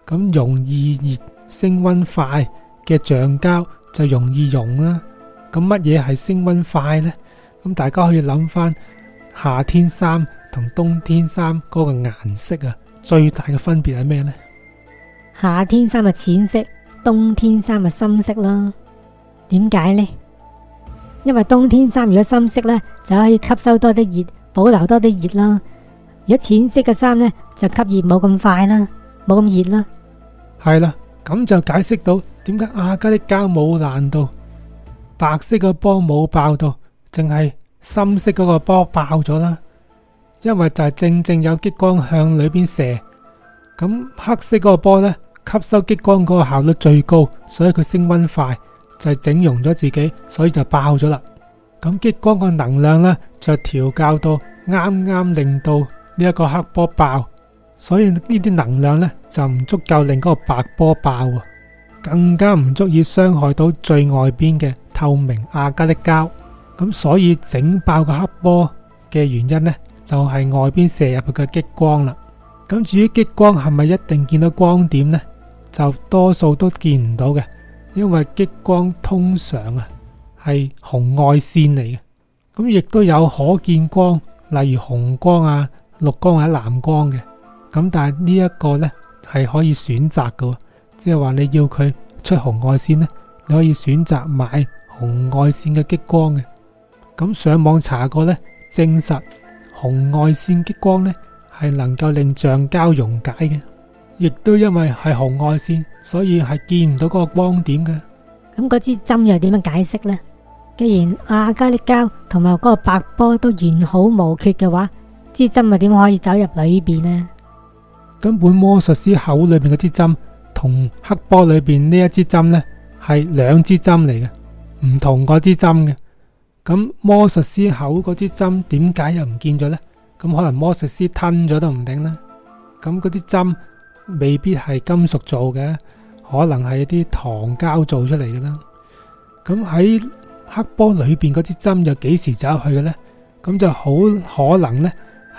咁容易熱升溫快嘅橡膠就容易溶啦。咁乜嘢係升溫快呢？咁大家可以諗翻夏天衫同冬天衫嗰個顏色啊，最大嘅分別係咩呢？夏天衫係淺色，冬天衫係深色啦。點解呢？因為冬天衫如果深色呢，就可以吸收多啲熱，保留多啲熱啦。而喺淺色嘅衫呢，就吸熱冇咁快啦，冇咁熱啦。係啦，咁就解釋到點解亞加力膠冇爛到，白色個波冇爆到，淨係深色嗰個波爆咗啦。因為就係正正有激光向裏邊射，咁黑色嗰個波呢吸收激光嗰個效率最高，所以佢升溫快，就整容咗自己，所以就爆咗啦。咁激光個能量呢就調校到啱啱令到，呢一個黑波爆，所以呢啲能量呢就唔足夠令嗰個白波爆啊，更加唔足以傷害到最外邊嘅透明亞加力膠。咁所以整爆個黑波嘅原因呢，就係外邊射入去嘅激光啦。咁至於激光係咪一定見到光點呢？就多數都見唔到嘅，因為激光通常啊係紅外線嚟嘅。咁亦都有可見光，例如紅光啊。綠光係喺藍光嘅，咁但係呢一個咧，係可以選擇嘅，即係話你要佢出紅外線咧，你可以選擇買紅外線嘅激光嘅。咁上網查過咧，證實紅外線激光咧，係能夠令橡膠溶解嘅，亦都因為係紅外線，所以係見唔到嗰個光點嘅。咁嗰支針又點樣解釋咧？既然亞加力膠同埋嗰個白波都完好無缺嘅話，支針咪點可以走入裏邊呢？根本魔術師口裏邊嗰支針同黑波裏邊呢一支針呢係兩支針嚟嘅，唔同嗰支針嘅。咁魔術師口嗰支針點解又唔見咗呢？咁可能魔術師吞咗都唔定呢。咁嗰啲針未必係金屬做嘅，可能係啲糖膠做出嚟嘅啦。咁喺黑波裏邊嗰支針又幾時走入去嘅呢？咁就好可能呢？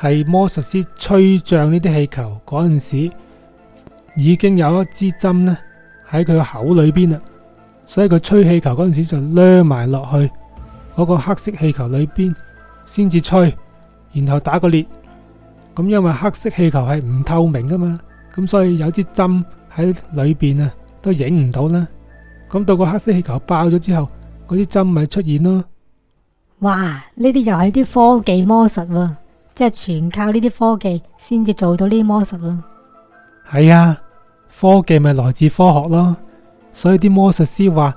係魔術師吹脹呢啲氣球嗰陣時，已經有一支針咧喺佢口裏邊啦，所以佢吹氣球嗰陣時就孭埋落去嗰、那個黑色氣球裏邊先至吹，然後打個裂。咁因為黑色氣球係唔透明噶嘛，咁所以有支針喺裏邊啊，都影唔到啦。咁到個黑色氣球爆咗之後，嗰啲針咪出現咯。哇！呢啲又係啲科技魔術喎、啊。即係全靠呢啲科技先至做到呢啲魔術咯。係啊，科技咪來自科學咯。所以啲魔術師話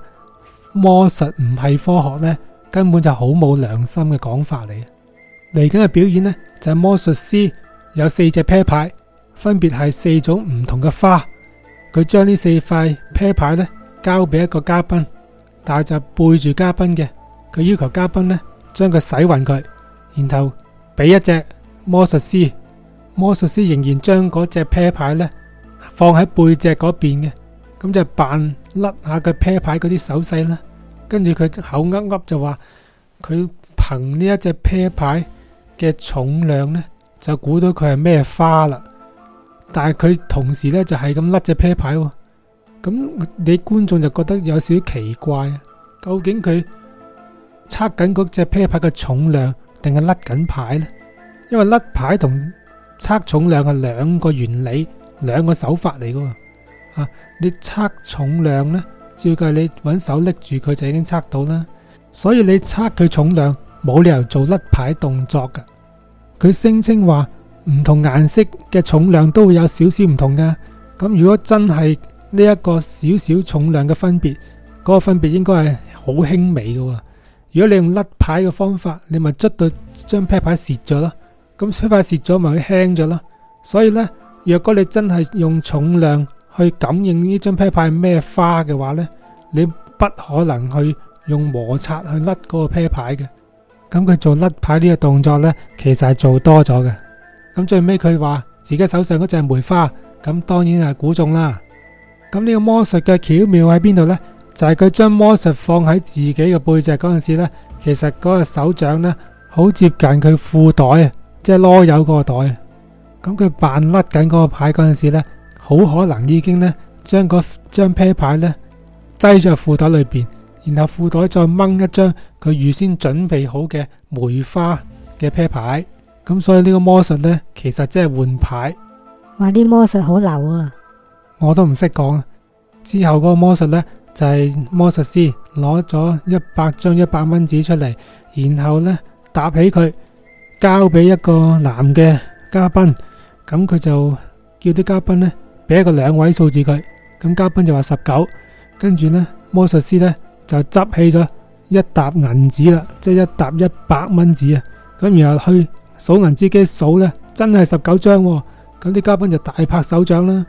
魔術唔係科學呢，根本就好冇良心嘅講法嚟。嚟緊嘅表演呢，就係、是、魔術師有四隻啤牌，分別係四種唔同嘅花。佢將呢四塊啤牌呢交俾一個嘉賓，但係就背住嘉賓嘅，佢要求嘉賓呢將佢洗勻佢，然後。俾一隻魔術師，魔術師仍然將嗰隻啤牌呢放喺背脊嗰邊嘅，咁就扮甩下佢啤牌嗰啲手勢啦，跟住佢口噏噏就話佢憑呢一隻啤牌嘅重量呢，就估到佢係咩花啦，但係佢同時呢，就係咁甩隻啤牌哦，咁你觀眾就覺得有少少奇怪，究竟佢測緊嗰隻啤牌嘅重量？定係甩緊牌呢？因為甩牌同測重量係兩個原理，兩個手法嚟噶。啊，你測重量呢，照計你搵手拎住佢就已經測到啦。所以你測佢重量，冇理由做甩牌動作噶。佢聲稱話唔同顏色嘅重量都會有少少唔同噶。咁如果真係呢一個少少重量嘅分別，嗰個分別應該係好輕微噶。如果你用甩牌嘅方法，你咪捽到張啤牌蝕咗咯，咁啤牌蝕咗咪會輕咗咯。所以咧，若果你真係用重量去感應呢張啤牌係咩花嘅話咧，你不可能去用摩擦去甩嗰個啤牌嘅。咁佢做甩牌呢個動作咧，其實係做多咗嘅。咁最尾佢話自己手上嗰隻梅花，咁當然係估中啦。咁呢個魔術嘅巧妙喺邊度咧？就係佢將魔術放喺自己嘅背脊嗰陣時呢，其實嗰個手掌呢，好接近佢褲袋，即係囉柚嗰個袋。咁佢扮甩緊嗰個牌嗰陣時呢，好可能已經呢，將嗰張啤牌呢擠咗褲袋裏邊，然後褲袋再掹一張佢預先準備好嘅梅花嘅啤牌。咁所以呢個魔術呢，其實即係換牌。哇！啲魔術好流啊！我都唔識講。之後嗰個魔術呢。就係、是、魔術師攞咗一百張一百蚊紙出嚟，然後呢搭起佢交俾一個男嘅嘉賓，咁佢就叫啲嘉賓呢俾一個兩位數字佢，咁嘉賓就話十九，跟住呢，魔術師呢就執起咗一沓銀紙啦，即係一沓一百蚊紙啊，咁然後去數銀紙機數呢，真係十九張，啊，咁啲嘉賓就大拍手掌啦。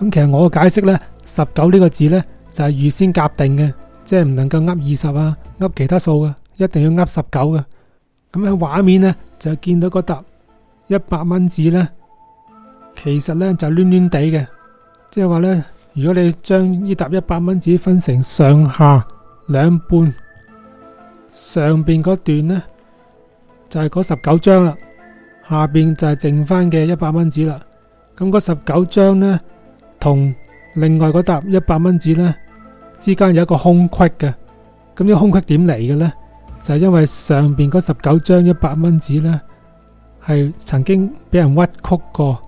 咁其實我嘅解釋呢，十九呢個字呢。就係預先夾定嘅，即係唔能夠呃二十啊，呃其他數啊，一定要呃十九嘅。咁喺畫面呢，就見到個沓一百蚊紙呢，其實呢就攣攣地嘅，即係話呢，如果你將呢沓一百蚊紙分成上下兩半，上邊嗰段呢就係嗰十九張啦，下邊就係剩翻嘅一百蚊紙啦。咁嗰十九張呢，同。另外嗰沓一百蚊紙咧，之間有一個空隙嘅。咁呢個空隙點嚟嘅咧？就係因為上邊嗰十九張一百蚊紙咧，係曾經俾人屈曲過。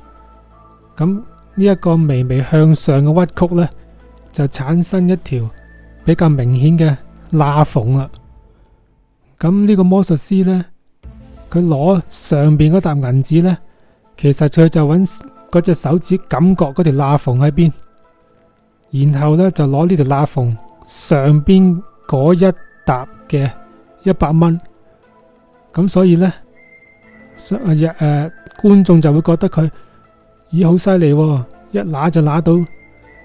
咁呢一個微微向上嘅屈曲咧，就產生一條比較明顯嘅罅縫啦。咁呢個魔術師咧，佢攞上邊嗰沓銀紙咧，其實佢就揾，嗰隻手指感覺嗰條罅縫喺邊。然後咧就攞呢條罅縫上邊嗰一沓嘅一百蚊，咁所以呢，誒誒，觀眾就會覺得佢，咦，好犀利，一拿就拿到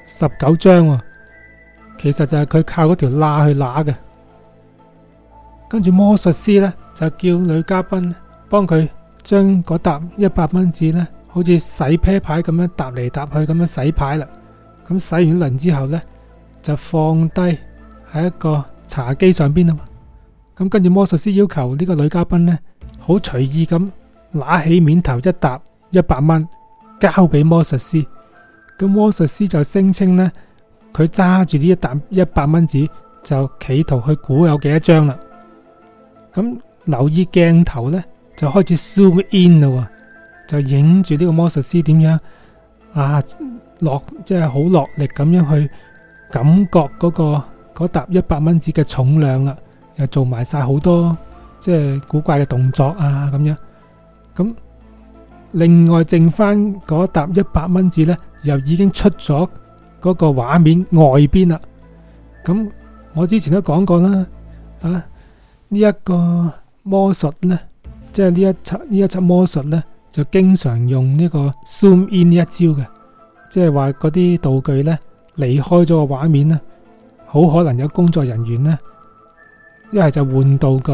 十九張，其實就係佢靠嗰條罅去拿嘅。跟住魔術師呢，就叫女嘉賓幫佢將個沓一百蚊紙呢，好似洗啤牌咁樣搭嚟搭去咁樣洗牌啦。咁洗完輪之後呢，就放低喺一個茶幾上邊啦。咁跟住魔術師要求呢個女嘉賓呢，好隨意咁拿起面頭一沓一百蚊交俾魔術師。咁魔術師就聲稱呢，佢揸住呢一沓一百蚊紙就企圖去估有幾多張啦。咁留意鏡頭呢，就開始 zoom in 啦，就影住呢個魔術師點樣。啊，落即係好落力咁樣去感覺嗰個嗰沓一百蚊紙嘅重量啦，又做埋晒好多即係古怪嘅動作啊咁樣。咁另外剩翻嗰沓一百蚊紙咧，又已經出咗嗰個畫面外邊啦。咁我之前都講過啦，啊呢一個魔術咧，即係呢一輯呢一輯魔術咧。就經常用呢個 zoom in 呢一招嘅，即係話嗰啲道具呢離開咗個畫面呢，好可能有工作人員呢，一係就換道具，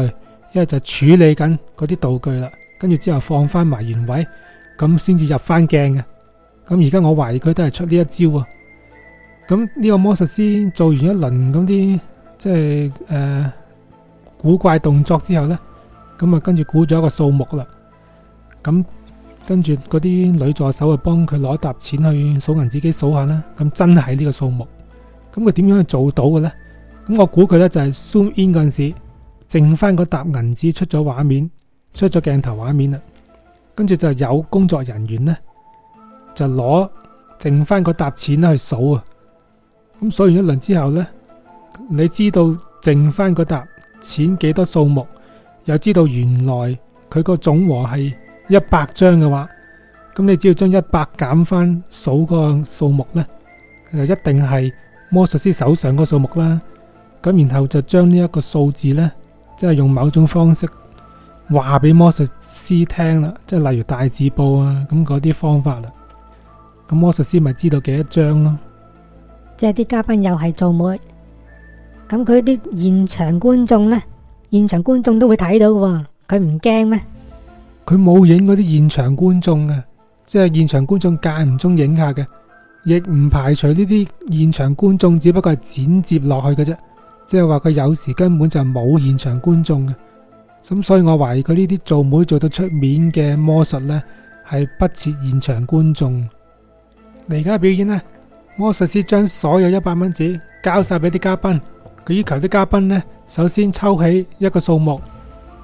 一係就處理緊嗰啲道具啦，跟住之後放翻埋原位，咁先至入翻鏡嘅。咁而家我懷疑佢都係出呢一招啊！咁呢個魔術師做完一輪咁啲即係誒古怪動作之後呢，咁啊跟住估咗一個數目啦，咁。跟住嗰啲女助手就幫佢攞一沓錢去數銀紙機數下啦，咁真係呢個數目。咁佢點樣去做到嘅呢？咁我估佢呢，就係 zoom in 嗰陣時，剩翻嗰沓銀紙出咗畫面，出咗鏡頭畫面啦。跟住就有工作人員呢，就攞剩翻嗰沓錢去數啊。咁數完一輪之後呢，你知道剩翻嗰沓錢幾多數目，又知道原來佢個總和係。一百張嘅話，咁你只要將一百減翻數個數目咧，就一定係魔術師手上個數目啦。咁然後就將呢一個數字咧，即係用某種方式話俾魔術師聽啦，即係例如大字報啊，咁嗰啲方法啦。咁魔術師咪知道幾多張咯？即係啲嘉賓又係做媒，咁佢啲現場觀眾咧，現場觀眾都會睇到嘅，佢唔驚咩？佢冇影嗰啲現場觀眾啊，即係現場觀眾間唔中影下嘅，亦唔排除呢啲現場觀眾只不過係剪接落去嘅啫，即係話佢有時根本就冇現場觀眾嘅，咁所以我懷疑佢呢啲做媒做到出面嘅魔術呢係不設現場觀眾。嚟，而家表演呢，魔術師將所有一百蚊紙交晒俾啲嘉賓，佢要求啲嘉賓呢，首先抽起一個數目。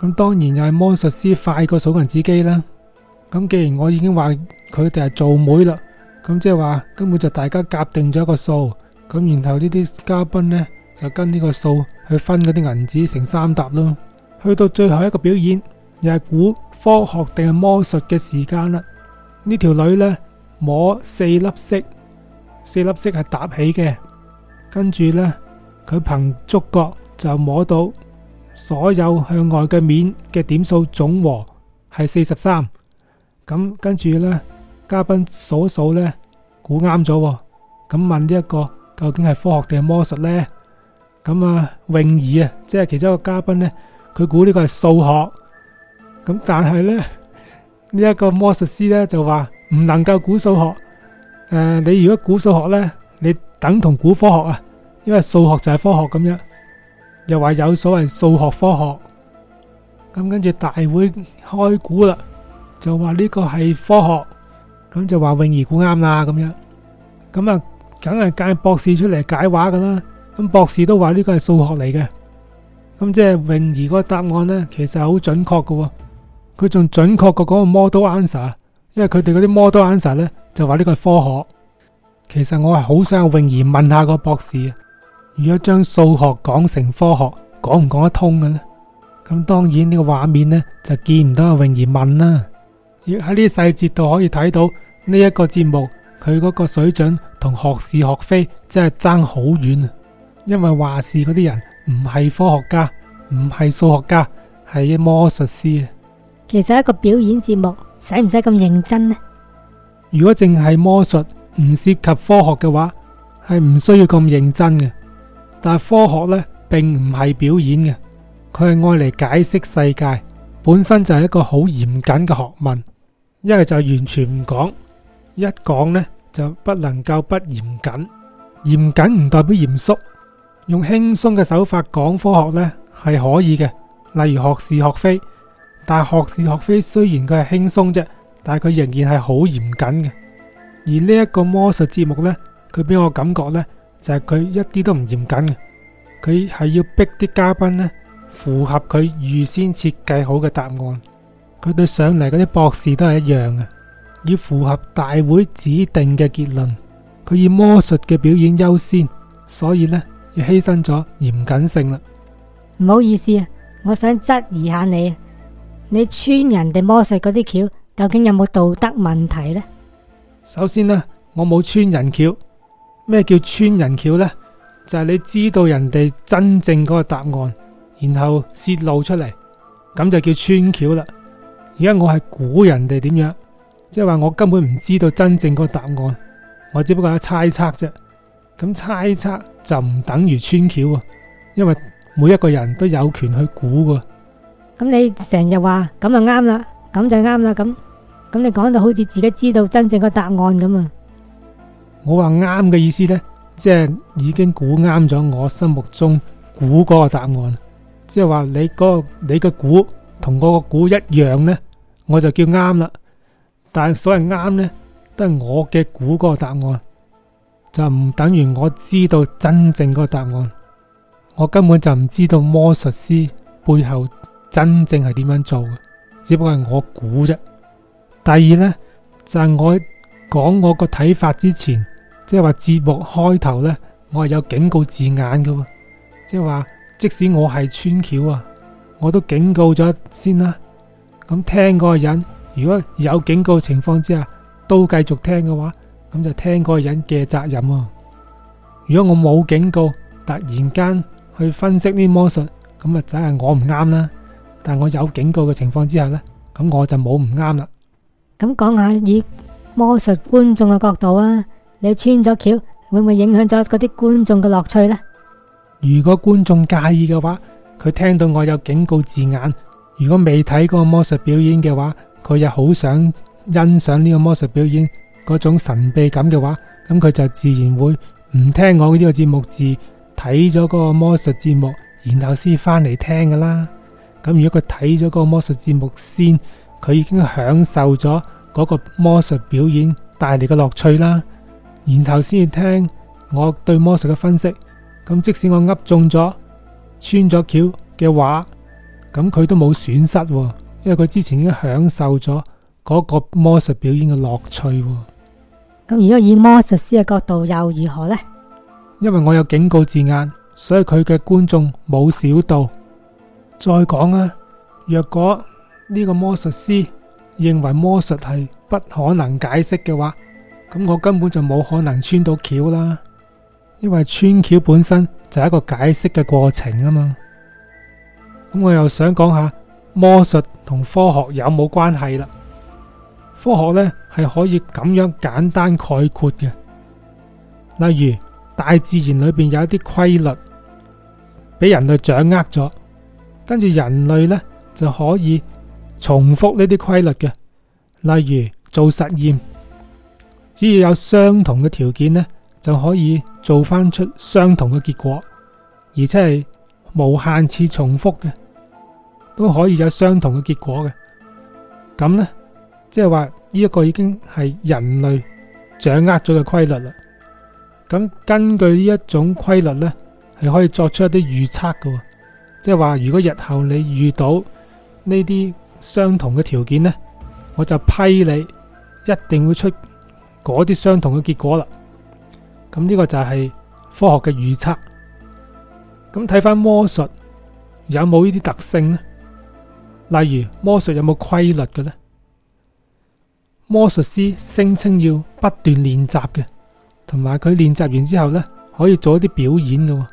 咁當然又係魔術師快過數銀紙機啦。咁既然我已經話佢哋係做妹啦，咁即係話根本就大家夾定咗一個數，咁然後呢啲嘉賓咧就跟呢個數去分嗰啲銀紙成三沓咯。去到最後一個表演又係估科學定係魔術嘅時間啦。呢條女咧摸四粒色，四粒色係疊起嘅，跟住咧佢憑觸覺就摸到。所有向外嘅面嘅點數總和係四十三，咁跟住呢，嘉賓數數呢估啱咗，咁問呢一個究竟係科學定係魔術呢？咁啊，泳兒啊，即係其中一個嘉賓呢，佢估呢個係數學，咁但係呢呢一個魔術師呢就話唔能夠估數學，誒，你如果估數學呢，你等同估科學啊，因為數學就係科學咁樣。又話有所謂數學科學，咁跟住大會開估啦，就話呢個係科學，咁就話泳兒估啱啦咁樣，咁啊梗係介博士出嚟解話噶啦，咁博士都話呢個係數學嚟嘅，咁即係泳兒嗰個答案咧，其實係好準確噶，佢仲準確過嗰個 model answer，因為佢哋嗰啲 model answer 咧就話呢個係科學，其實我係好想泳兒問下個博士。如果將數學講成科學，講唔講得通嘅呢？咁當然呢個畫面呢，就見唔到阿泳兒問啦。亦喺呢啲細節度可以睇到呢一個節目佢嗰個水準同學是學非真係爭好遠啊。因為話事嗰啲人唔係科學家，唔係數學家，係魔術師啊。其實一個表演節目使唔使咁認真呢？如果淨係魔術唔涉及科學嘅話，係唔需要咁認真嘅。但係科學咧，並唔係表演嘅，佢係愛嚟解釋世界，本身就係一個好嚴謹嘅學問。一係就完全唔講，一講呢就不能夠不嚴謹。嚴謹唔代表嚴肅，用輕鬆嘅手法講科學呢係可以嘅，例如學是學非。但係學是學非雖然佢係輕鬆啫，但係佢仍然係好嚴謹嘅。而呢一個魔術節目呢，佢俾我感覺呢。就係佢一啲都唔嚴謹嘅，佢係要逼啲嘉賓呢，符合佢預先設計好嘅答案。佢對上嚟嗰啲博士都係一樣嘅，要符合大會指定嘅結論。佢以魔術嘅表演優先，所以呢，要犧牲咗嚴謹性啦。唔好意思啊，我想質疑下你，你穿人哋魔術嗰啲橋，究竟有冇道德問題呢？首先呢，我冇穿人橋。咩叫穿人橋呢？就係你知道人哋真正嗰個答案，然後洩露出嚟，咁就叫穿橋啦。而家我係估人哋點樣，即係話我根本唔知道真正嗰個答案，我只不過係猜測啫。咁猜測就唔等於穿橋喎，因為每一個人都有權去估噶。咁你成日話咁就啱啦，咁就啱啦，咁咁你講到好似自己知道真正個答案咁啊？我話啱嘅意思呢，即係已經估啱咗我心目中估嗰個答案，即係話你嗰個你嘅估同我個估一樣呢，我就叫啱啦。但係所謂啱呢，都係我嘅估嗰個答案，就唔等於我知道真正嗰個答案。我根本就唔知道魔術師背後真正係點樣做，只不過係我估啫。第二呢，就係我講我個睇法之前。即係話節目開頭呢，我係有警告字眼嘅。即係話，即使我係穿橋啊，我都警告咗先啦。咁聽嗰個人，如果有警告情況之下都繼續聽嘅話，咁就聽嗰個人嘅責任。如果我冇警告，突然間去分析啲魔術，咁啊真係我唔啱啦。但我有警告嘅情況之下呢，咁我就冇唔啱啦。咁講下以魔術觀眾嘅角度啊。你穿咗橋會唔會影響咗嗰啲觀眾嘅樂趣呢？如果觀眾介意嘅話，佢聽到我有警告字眼；如果未睇過魔術表演嘅話，佢又好想欣賞呢個魔術表演嗰種神秘感嘅話，咁佢就自然會唔聽我呢個節目字，睇咗嗰個魔術節目，然後先翻嚟聽噶啦。咁如果佢睇咗嗰個魔術節目先，佢已經享受咗嗰個魔術表演帶嚟嘅樂趣啦。然後先要聽我對魔術嘅分析，咁即使我噏中咗穿咗橋嘅話，咁佢都冇損失，因為佢之前已經享受咗嗰個魔術表演嘅樂趣。咁如果以魔術師嘅角度又如何呢？因為我有警告字眼，所以佢嘅觀眾冇少到。再講啊，若果呢個魔術師認為魔術係不可能解釋嘅話。咁我根本就冇可能穿到橋啦，因為穿橋本身就係一個解釋嘅過程啊嘛。咁我又想講下魔術同科學有冇關係啦？科學呢係可以咁樣簡單概括嘅，例如大自然裏邊有一啲規律，俾人類掌握咗，跟住人類呢就可以重複呢啲規律嘅，例如做實驗。只要有相同嘅條件呢，就可以做翻出相同嘅結果，而且係無限次重複嘅，都可以有相同嘅結果嘅。咁呢，即係話呢一個已經係人類掌握咗嘅規律啦。咁根據呢一種規律呢，係可以作出一啲預測嘅。即係話，如果日後你遇到呢啲相同嘅條件呢，我就批你一定會出。嗰啲相同嘅結果啦，咁、這、呢個就係科學嘅預測。咁睇翻魔術有冇呢啲特性呢？例如魔術有冇規律嘅呢？魔術師聲稱要不斷練習嘅，同埋佢練習完之後呢，可以做一啲表演嘅。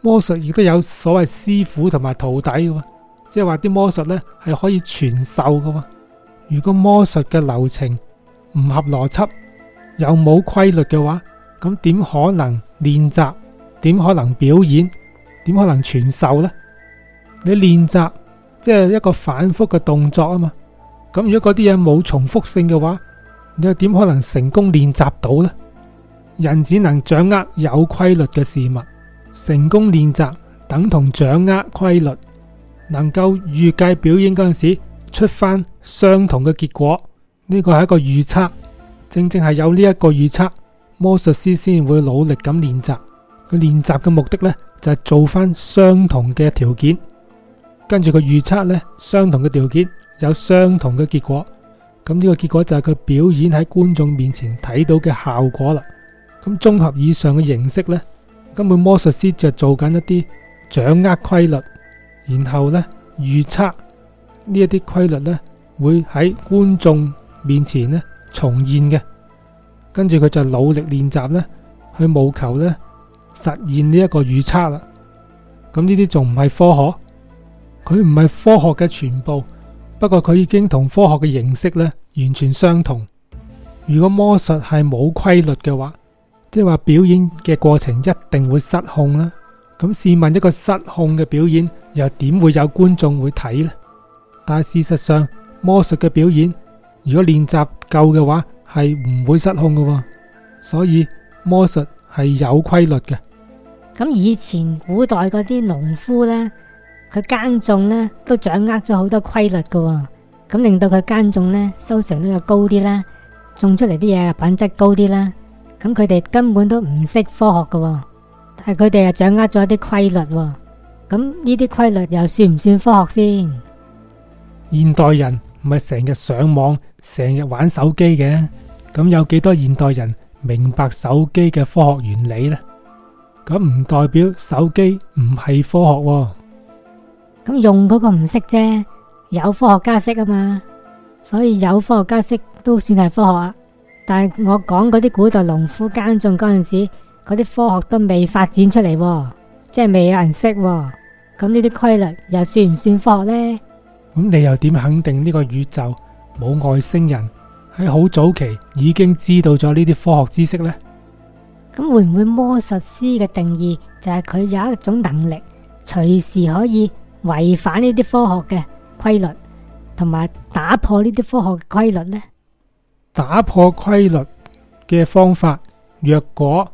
魔術亦都有所謂師傅同埋徒弟嘅，即係話啲魔術呢係可以傳授嘅。如果魔術嘅流程唔合邏輯又冇規律嘅話，咁點可能練習？點可能表演？點可能傳授呢？你練習即係一個反復嘅動作啊嘛。咁如果嗰啲嘢冇重複性嘅話，你又點可能成功練習到呢？人只能掌握有規律嘅事物，成功練習等同掌握規律，能夠預計表演嗰陣時出翻相同嘅結果。呢個係一個預測，正正係有呢一個預測，魔術師先會努力咁練習。佢練習嘅目的呢，就係做翻相同嘅條件，跟住佢預測呢，相同嘅條件有相同嘅結果。咁、這、呢個結果就係佢表演喺觀眾面前睇到嘅效果啦。咁綜合以上嘅形式呢，根本魔術師就做緊一啲掌握規律，然後呢預測呢一啲規律呢，會喺觀眾。面前呢重現嘅，跟住佢就努力練習呢，去務求呢實現呢一個預測啦。咁呢啲仲唔係科學？佢唔係科學嘅全部，不過佢已經同科學嘅形式呢完全相同。如果魔術係冇規律嘅話，即係話表演嘅過程一定會失控啦。咁試問一個失控嘅表演又點會有觀眾會睇呢？但係事實上魔術嘅表演，如果練習夠嘅話，係唔會失控噶，所以魔術係有規律嘅。咁以前古代嗰啲農夫呢，佢耕種呢都掌握咗好多規律噶，咁令到佢耕種呢收成都有高啲啦，種出嚟啲嘢品質高啲啦。咁佢哋根本都唔識科學噶，但係佢哋又掌握咗一啲規律。咁呢啲規律又算唔算科學先？現代人唔係成日上網。成日玩手機嘅，咁有幾多現代人明白手機嘅科學原理呢？咁唔代表手機唔係科學。咁用嗰個唔識啫，有科學家識啊嘛。所以有科學家識都算係科學啊。但係我講嗰啲古代農夫耕種嗰陣時，嗰啲科學都未發展出嚟，即係未有人識。咁呢啲規律又算唔算科學呢？咁你又點肯定呢個宇宙？冇外星人喺好早期已經知道咗呢啲科學知識咧，咁會唔會魔術師嘅定義就係佢有一種能力，隨時可以違反呢啲科學嘅規律，同埋打破呢啲科學嘅規律咧？打破規律嘅方法，若果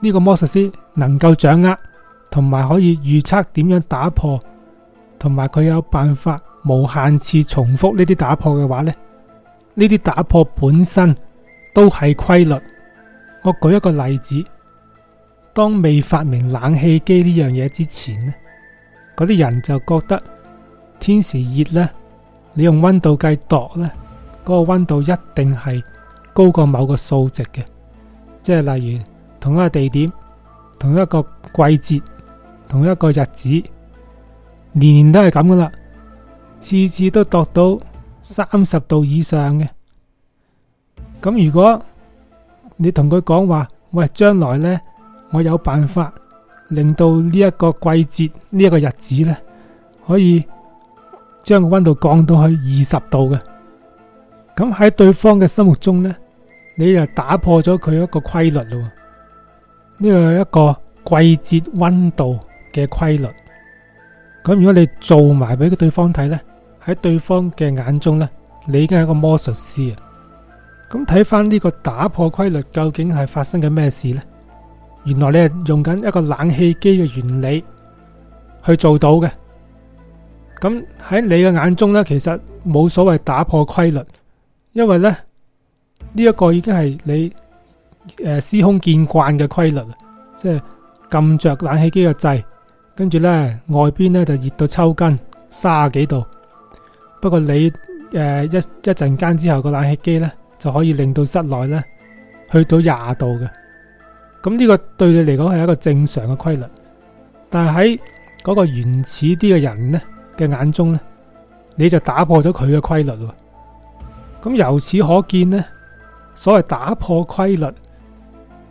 呢個魔術師能夠掌握，同埋可以預測點樣打破，同埋佢有辦法。無限次重複呢啲打破嘅話咧，呢啲打破本身都係規律。我舉一個例子，當未發明冷氣機呢樣嘢之前咧，嗰啲人就覺得天時熱咧，你用溫度計度咧，嗰個溫度一定係高過某個數值嘅，即係例如同一個地點、同一個季節、同一個日子，年年都係咁噶啦。次次都度到三十度以上嘅，咁如果你同佢講話，喂，將來呢，我有辦法令到呢一個季節呢一個日子呢，可以將個溫度降到去二十度嘅，咁喺對方嘅心目中呢，你就打破咗佢一個規律咯，呢個係一個季節溫度嘅規律，咁如果你做埋俾個對方睇呢。喺對方嘅眼中咧，你已經係一個魔術師啊。咁睇翻呢個打破規律，究竟係發生緊咩事咧？原來你係用緊一個冷氣機嘅原理去做到嘅。咁喺你嘅眼中咧，其實冇所謂打破規律，因為咧呢一個已經係你誒司空見慣嘅規律啊。即係撳著冷氣機嘅掣，跟住咧外邊咧就熱到抽筋，三十幾度。不過你誒、呃、一一陣間之後個冷氣機呢，就可以令到室內呢去到廿度嘅，咁呢個對你嚟講係一個正常嘅規律，但係喺嗰個原始啲嘅人呢嘅眼中呢，你就打破咗佢嘅規律喎，咁由此可見呢，所謂打破規律，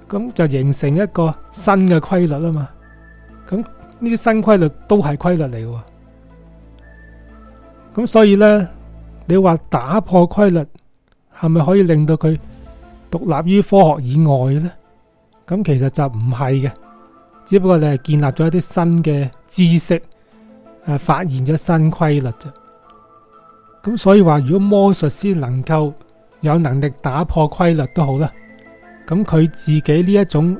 咁就形成一個新嘅規律啊嘛，咁呢啲新規律都係規律嚟嘅。咁所以呢，你話打破規律係咪可以令到佢獨立於科學以外呢？咁其實就唔係嘅，只不過你係建立咗一啲新嘅知識，誒、呃，發現咗新規律啫。咁所以話，如果魔術師能夠有能力打破規律都好啦，咁佢自己呢一種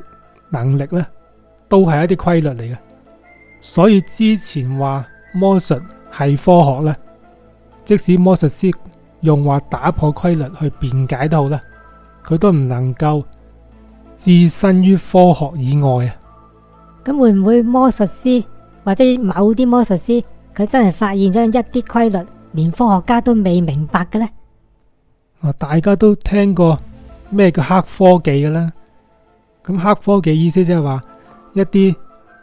能力呢，都係一啲規律嚟嘅。所以之前話魔術係科學呢。即使魔術師用話打破規律去辯解好佢都好啦，佢都唔能夠置身於科學以外啊。咁會唔會魔術師或者某啲魔術師佢真係發現咗一啲規律，連科學家都未明白嘅呢？大家都聽過咩叫黑科技嘅啦。咁黑科技意思即係話一啲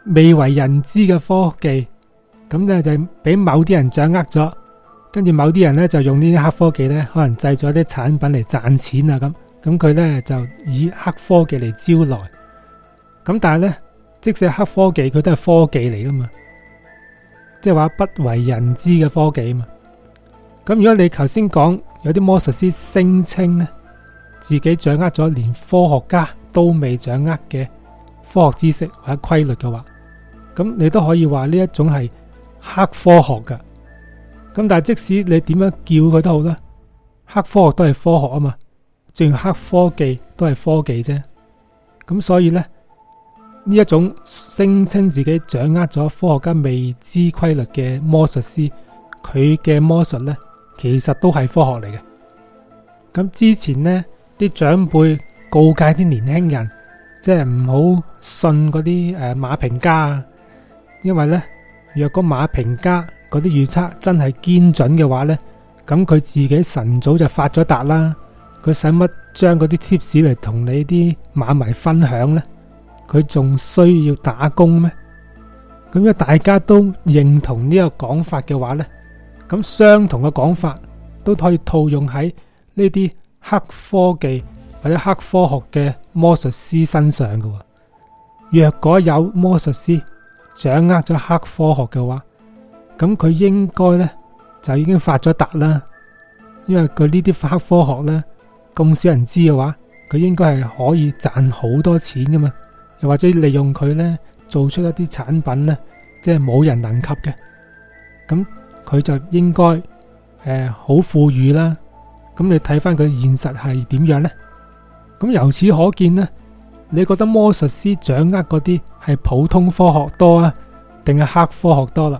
未為人知嘅科技，咁呢就俾某啲人掌握咗。跟住某啲人咧，就用呢啲黑科技咧，可能製咗啲產品嚟賺錢啊咁。咁佢咧就以黑科技嚟招來咁但係咧，即使黑科技，佢都係科技嚟噶嘛，即係話不為人知嘅科技啊嘛。咁如果你頭先講有啲魔術師聲稱咧，自己掌握咗連科學家都未掌握嘅科學知識或者規律嘅話，咁你都可以話呢一種係黑科學噶。咁但係即使你點樣叫佢都好啦，黑科學都係科學啊嘛，仲要黑科技都係科技啫。咁所以呢，呢一種聲稱自己掌握咗科學家未知規律嘅魔術師，佢嘅魔術呢，其實都係科學嚟嘅。咁之前呢，啲長輩告誡啲年輕人，即係唔好信嗰啲誒馬評家，因為呢，若果馬評家，嗰啲預測真係堅準嘅話咧，咁佢自己晨早就發咗達啦，佢使乜將嗰啲 tips 嚟同你啲馬迷分享咧？佢仲需要打工咩？咁樣，大家都認同呢個講法嘅話咧，咁相同嘅講法都可以套用喺呢啲黑科技或者黑科學嘅魔術師身上噶。若果有魔術師掌握咗黑科學嘅話，咁佢應該呢就已經發咗達啦，因為佢呢啲黑科學呢，咁少人知嘅話，佢應該係可以賺好多錢噶嘛，又或者利用佢呢做出一啲產品呢，即係冇人能及嘅。咁佢就應該誒好、呃、富裕啦。咁你睇翻佢現實係點樣呢？咁由此可見呢，你覺得魔術師掌握嗰啲係普通科學多啊，定係黑科學多啦？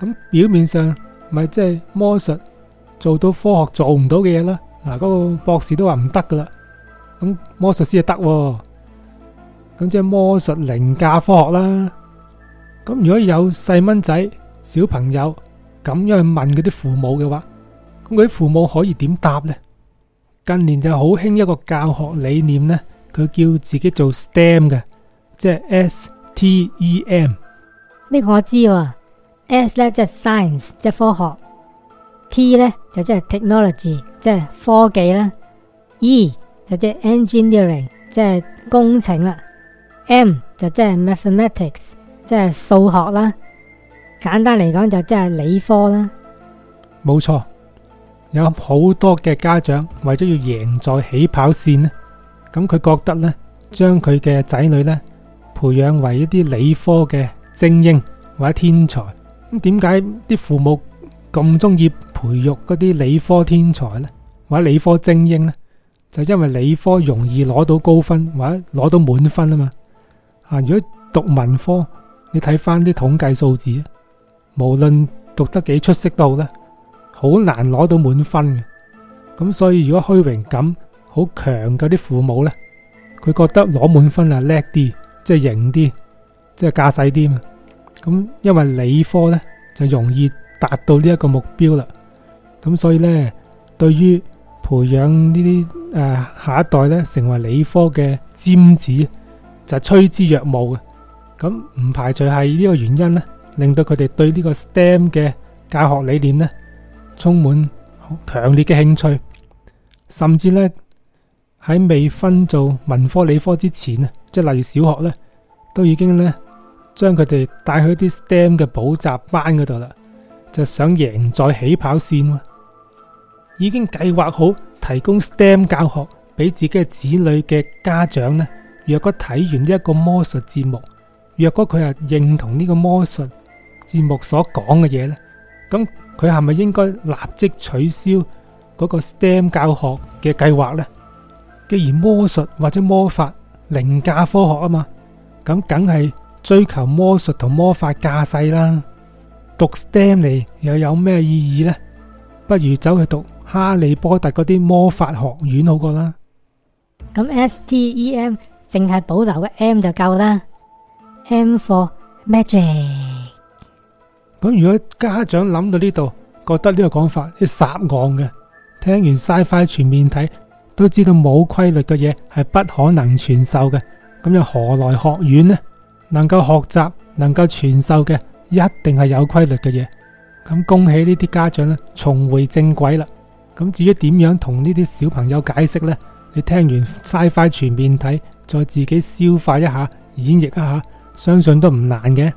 咁表面上咪即係魔術做到科學做唔到嘅嘢啦，嗱，嗰個博士都話唔得噶啦，咁魔術師又得，咁即係魔術凌駕科學啦。咁如果有細蚊仔、小朋友咁樣去問佢啲父母嘅話，咁佢啲父母可以點答呢？近年就好興一個教學理念呢，佢叫自己做 STEM 嘅，即係 S T E M。呢個我知喎。S 呢即係 science，即係科學；T 呢就即係 technology，即係科技啦；E 就即係 engineering，即係工程啦；M 就即係 mathematics，即係數學啦。簡單嚟講就即係理科啦。冇錯，有好多嘅家長為咗要贏在起跑線呢，咁佢覺得呢，將佢嘅仔女呢，培養為一啲理科嘅精英或者天才。咁點解啲父母咁中意培育嗰啲理科天才咧，或者理科精英咧？就因為理科容易攞到高分或者攞到滿分啊嘛。啊，如果讀文科，你睇翻啲統計數字，無論讀得幾出色都好咧，好難攞到滿分嘅。咁所以如果虛榮感好強嗰啲父母咧，佢覺得攞滿分啊叻啲，即係型啲，即係架勢啲嘛。咁因為理科咧就容易達到呢一個目標啦，咁所以咧對於培養呢啲誒下一代咧成為理科嘅尖子就趨之若鶩嘅，咁唔排除係呢個原因咧令到佢哋對呢個 STEM 嘅教學理念咧充滿強烈嘅興趣，甚至咧喺未分做文科理科之前啊，即係例如小學咧都已經咧。將佢哋帶去啲 STEM 嘅補習班嗰度啦，就想贏在起跑線咯。已經計劃好提供 STEM 教學俾自己嘅子女嘅家長呢？若果睇完呢一個魔術節目，若果佢係認同呢個魔術節目所講嘅嘢呢，咁佢係咪應該立即取消嗰個 STEM 教學嘅計劃呢？既然魔術或者魔法凌駕科學啊嘛，咁梗係。追求魔術同魔法架勢啦，讀 STEM 嚟，又有咩意義呢？不如走去讀哈利波特嗰啲魔法學院好過啦。咁 STEM 淨係保留個 M 就夠啦，M for Magic。咁如果家長諗到呢度，覺得呢個講法要撒戇嘅，聽完 SciFi 全面睇，都知道冇規律嘅嘢係不可能傳授嘅，咁又何來學院呢？能夠學習、能夠傳授嘅，一定係有規律嘅嘢。咁恭喜呢啲家長咧，重回正軌啦。咁至於點樣同呢啲小朋友解釋咧，你聽完 SciFi 全面睇，再自己消化一下、演繹一下，相信都唔難嘅。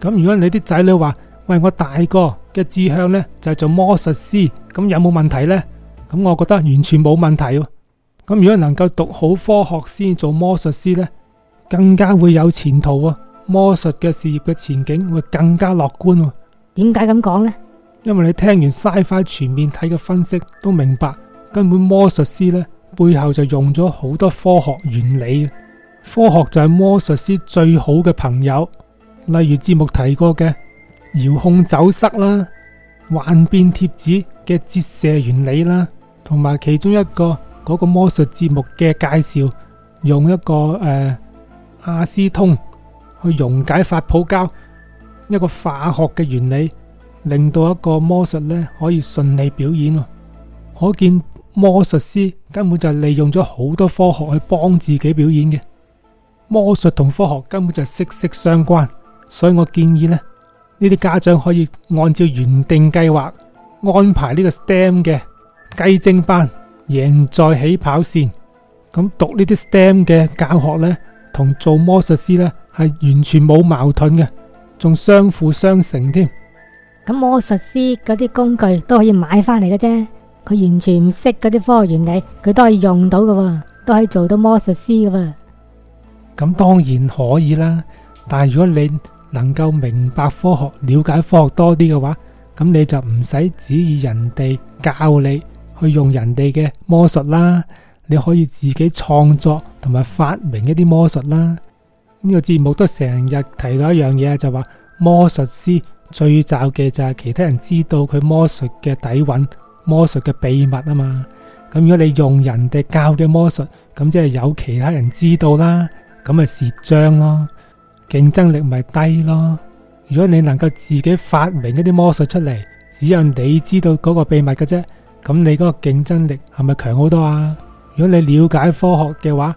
咁如果你啲仔女話：喂，我大個嘅志向咧就係做魔術師，咁有冇問題咧？咁我覺得完全冇問題。咁如果能夠讀好科學先做魔術師咧？更加會有前途啊！魔術嘅事業嘅前景會更加樂觀。點解咁講呢？因為你聽完《Sci-Fi 全面睇》嘅分析，都明白根本魔術師呢，背後就用咗好多科學原理。科學就係魔術師最好嘅朋友。例如節目提過嘅「遙控走失」啦，幻變貼紙嘅折射原理啦，同埋其中一個嗰個魔術節目嘅介紹，用一個誒。呃阿斯通去溶解發泡膠，一個化學嘅原理，令到一個魔術呢可以順利表演。可見魔術師根本就係利用咗好多科學去幫自己表演嘅。魔術同科學根本就息息相關，所以我建議呢呢啲家長可以按照原定計劃安排呢個 STEM 嘅雞精班，贏在起跑線。咁讀呢啲 STEM 嘅教學呢。同做魔術師呢係完全冇矛盾嘅，仲相輔相成添。咁魔術師嗰啲工具都可以買翻嚟嘅啫，佢完全唔識嗰啲科學原理，佢都可以用到嘅，都可以做到魔術師嘅。咁當然可以啦，但係如果你能夠明白科學、了解科學多啲嘅話，咁你就唔使指意人哋教你去用人哋嘅魔術啦。你可以自己創作同埋發明一啲魔術啦。呢個節目都成日提到一樣嘢，就話魔術師最罩嘅就係其他人知道佢魔術嘅底蘊、魔術嘅秘密啊嘛。咁如果你用人哋教嘅魔術，咁即係有其他人知道啦，咁咪蝕章咯，競爭力咪低咯。如果你能夠自己發明一啲魔術出嚟，只有你知道嗰個秘密嘅啫，咁你嗰個競爭力係咪強好多啊？如果你了解科學嘅話，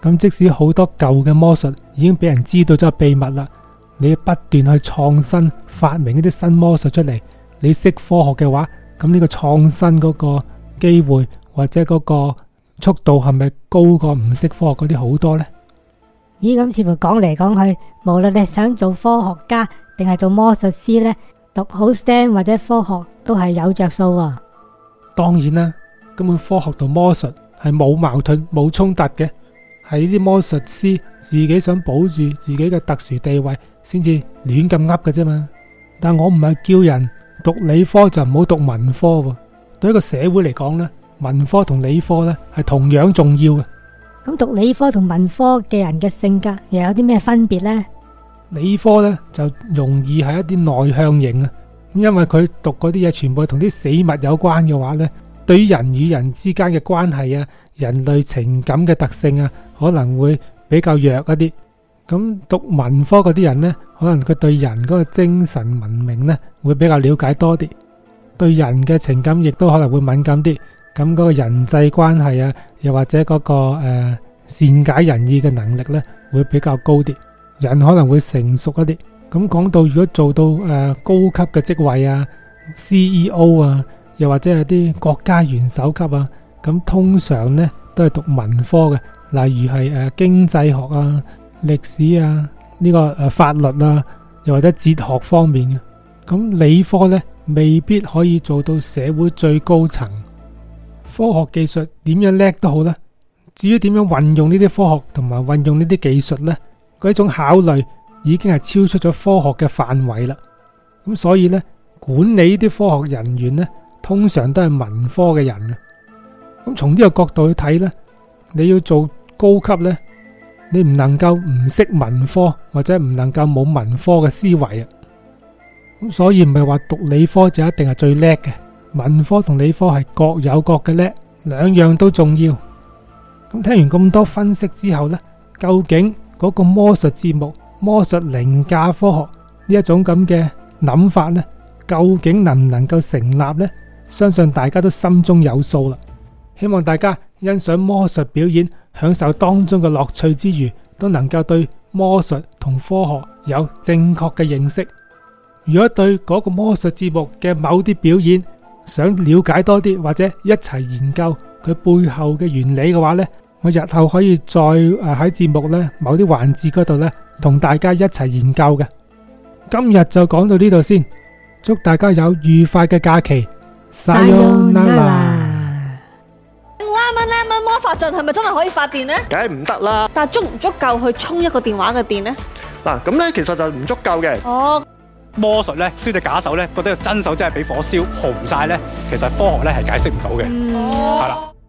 咁即使好多舊嘅魔術已經俾人知道咗秘密啦，你不斷去創新發明一啲新魔術出嚟。你識科學嘅話，咁呢個創新嗰個機會或者嗰個速度係咪高過唔識科學嗰啲好多呢？咦，咁似乎講嚟講去，無論你想做科學家定係做魔術師呢，讀好 STEM 或者科學都係有着數啊、哦。當然啦，根本科學到魔術。係冇矛盾冇衝突嘅，係呢啲魔術師自己想保住自己嘅特殊地位，先至亂咁噏嘅啫嘛。但我唔係叫人讀理科就唔好讀文科喎。對一個社會嚟講咧，文科同理科咧係同樣重要嘅。咁讀理科同文科嘅人嘅性格又有啲咩分別咧？理科咧就容易係一啲內向型啊，咁因為佢讀嗰啲嘢全部係同啲死物有關嘅話咧，對人與人之間嘅關係啊，人類情感嘅特性啊，可能會比較弱一啲。咁讀文科嗰啲人呢，可能佢對人嗰個精神文明呢，會比較了解多啲，對人嘅情感亦都可能會敏感啲。咁、那、嗰個人際關係啊，又或者嗰、那個誒、呃、善解人意嘅能力呢，會比較高啲，人可能會成熟一啲。咁講到如果做到誒、呃、高級嘅職位啊，CEO 啊。又或者係啲國家元首級啊，咁通常呢都係讀文科嘅，例如係誒經濟學啊、歷史啊呢個誒法律啊，又或者哲學方面嘅啊。咁理科呢未必可以做到社會最高層。科學技術點樣叻都好啦，至於點樣運用呢啲科學同埋運用呢啲技術呢，嗰一種考慮已經係超出咗科學嘅範圍啦。咁所以呢，管理啲科學人員呢，通常都係文科嘅人啊，咁從呢個角度去睇咧，你要做高級咧，你唔能夠唔識文科或者唔能夠冇文科嘅思維啊，咁所以唔係話讀理科就一定係最叻嘅，文科同理科係各有各嘅叻，兩樣都重要。咁聽完咁多分析之後咧，究竟嗰個魔術節目，魔術凌駕科學呢一種咁嘅諗法咧，究竟能唔能夠成立咧？相信大家都心中有數啦。希望大家欣賞魔術表演，享受當中嘅樂趣之餘，都能夠對魔術同科學有正確嘅認識。如果對嗰個魔術節目嘅某啲表演想了解多啲，或者一齊研究佢背後嘅原理嘅話呢，我日後可以再誒喺節目呢某啲環節嗰度呢同大家一齊研究嘅。今日就講到呢度先，祝大家有愉快嘅假期。沙喲娜拉，拉文拉文魔法陣係咪真係可以發電咧？梗係唔得啦，但係足唔足夠去充一個電話嘅電咧？嗱，咁咧其實就唔足夠嘅。哦，魔術咧燒隻假手咧，覺得個真手真係俾火燒紅晒咧，其實科學咧係解釋唔到嘅。哦，係啦。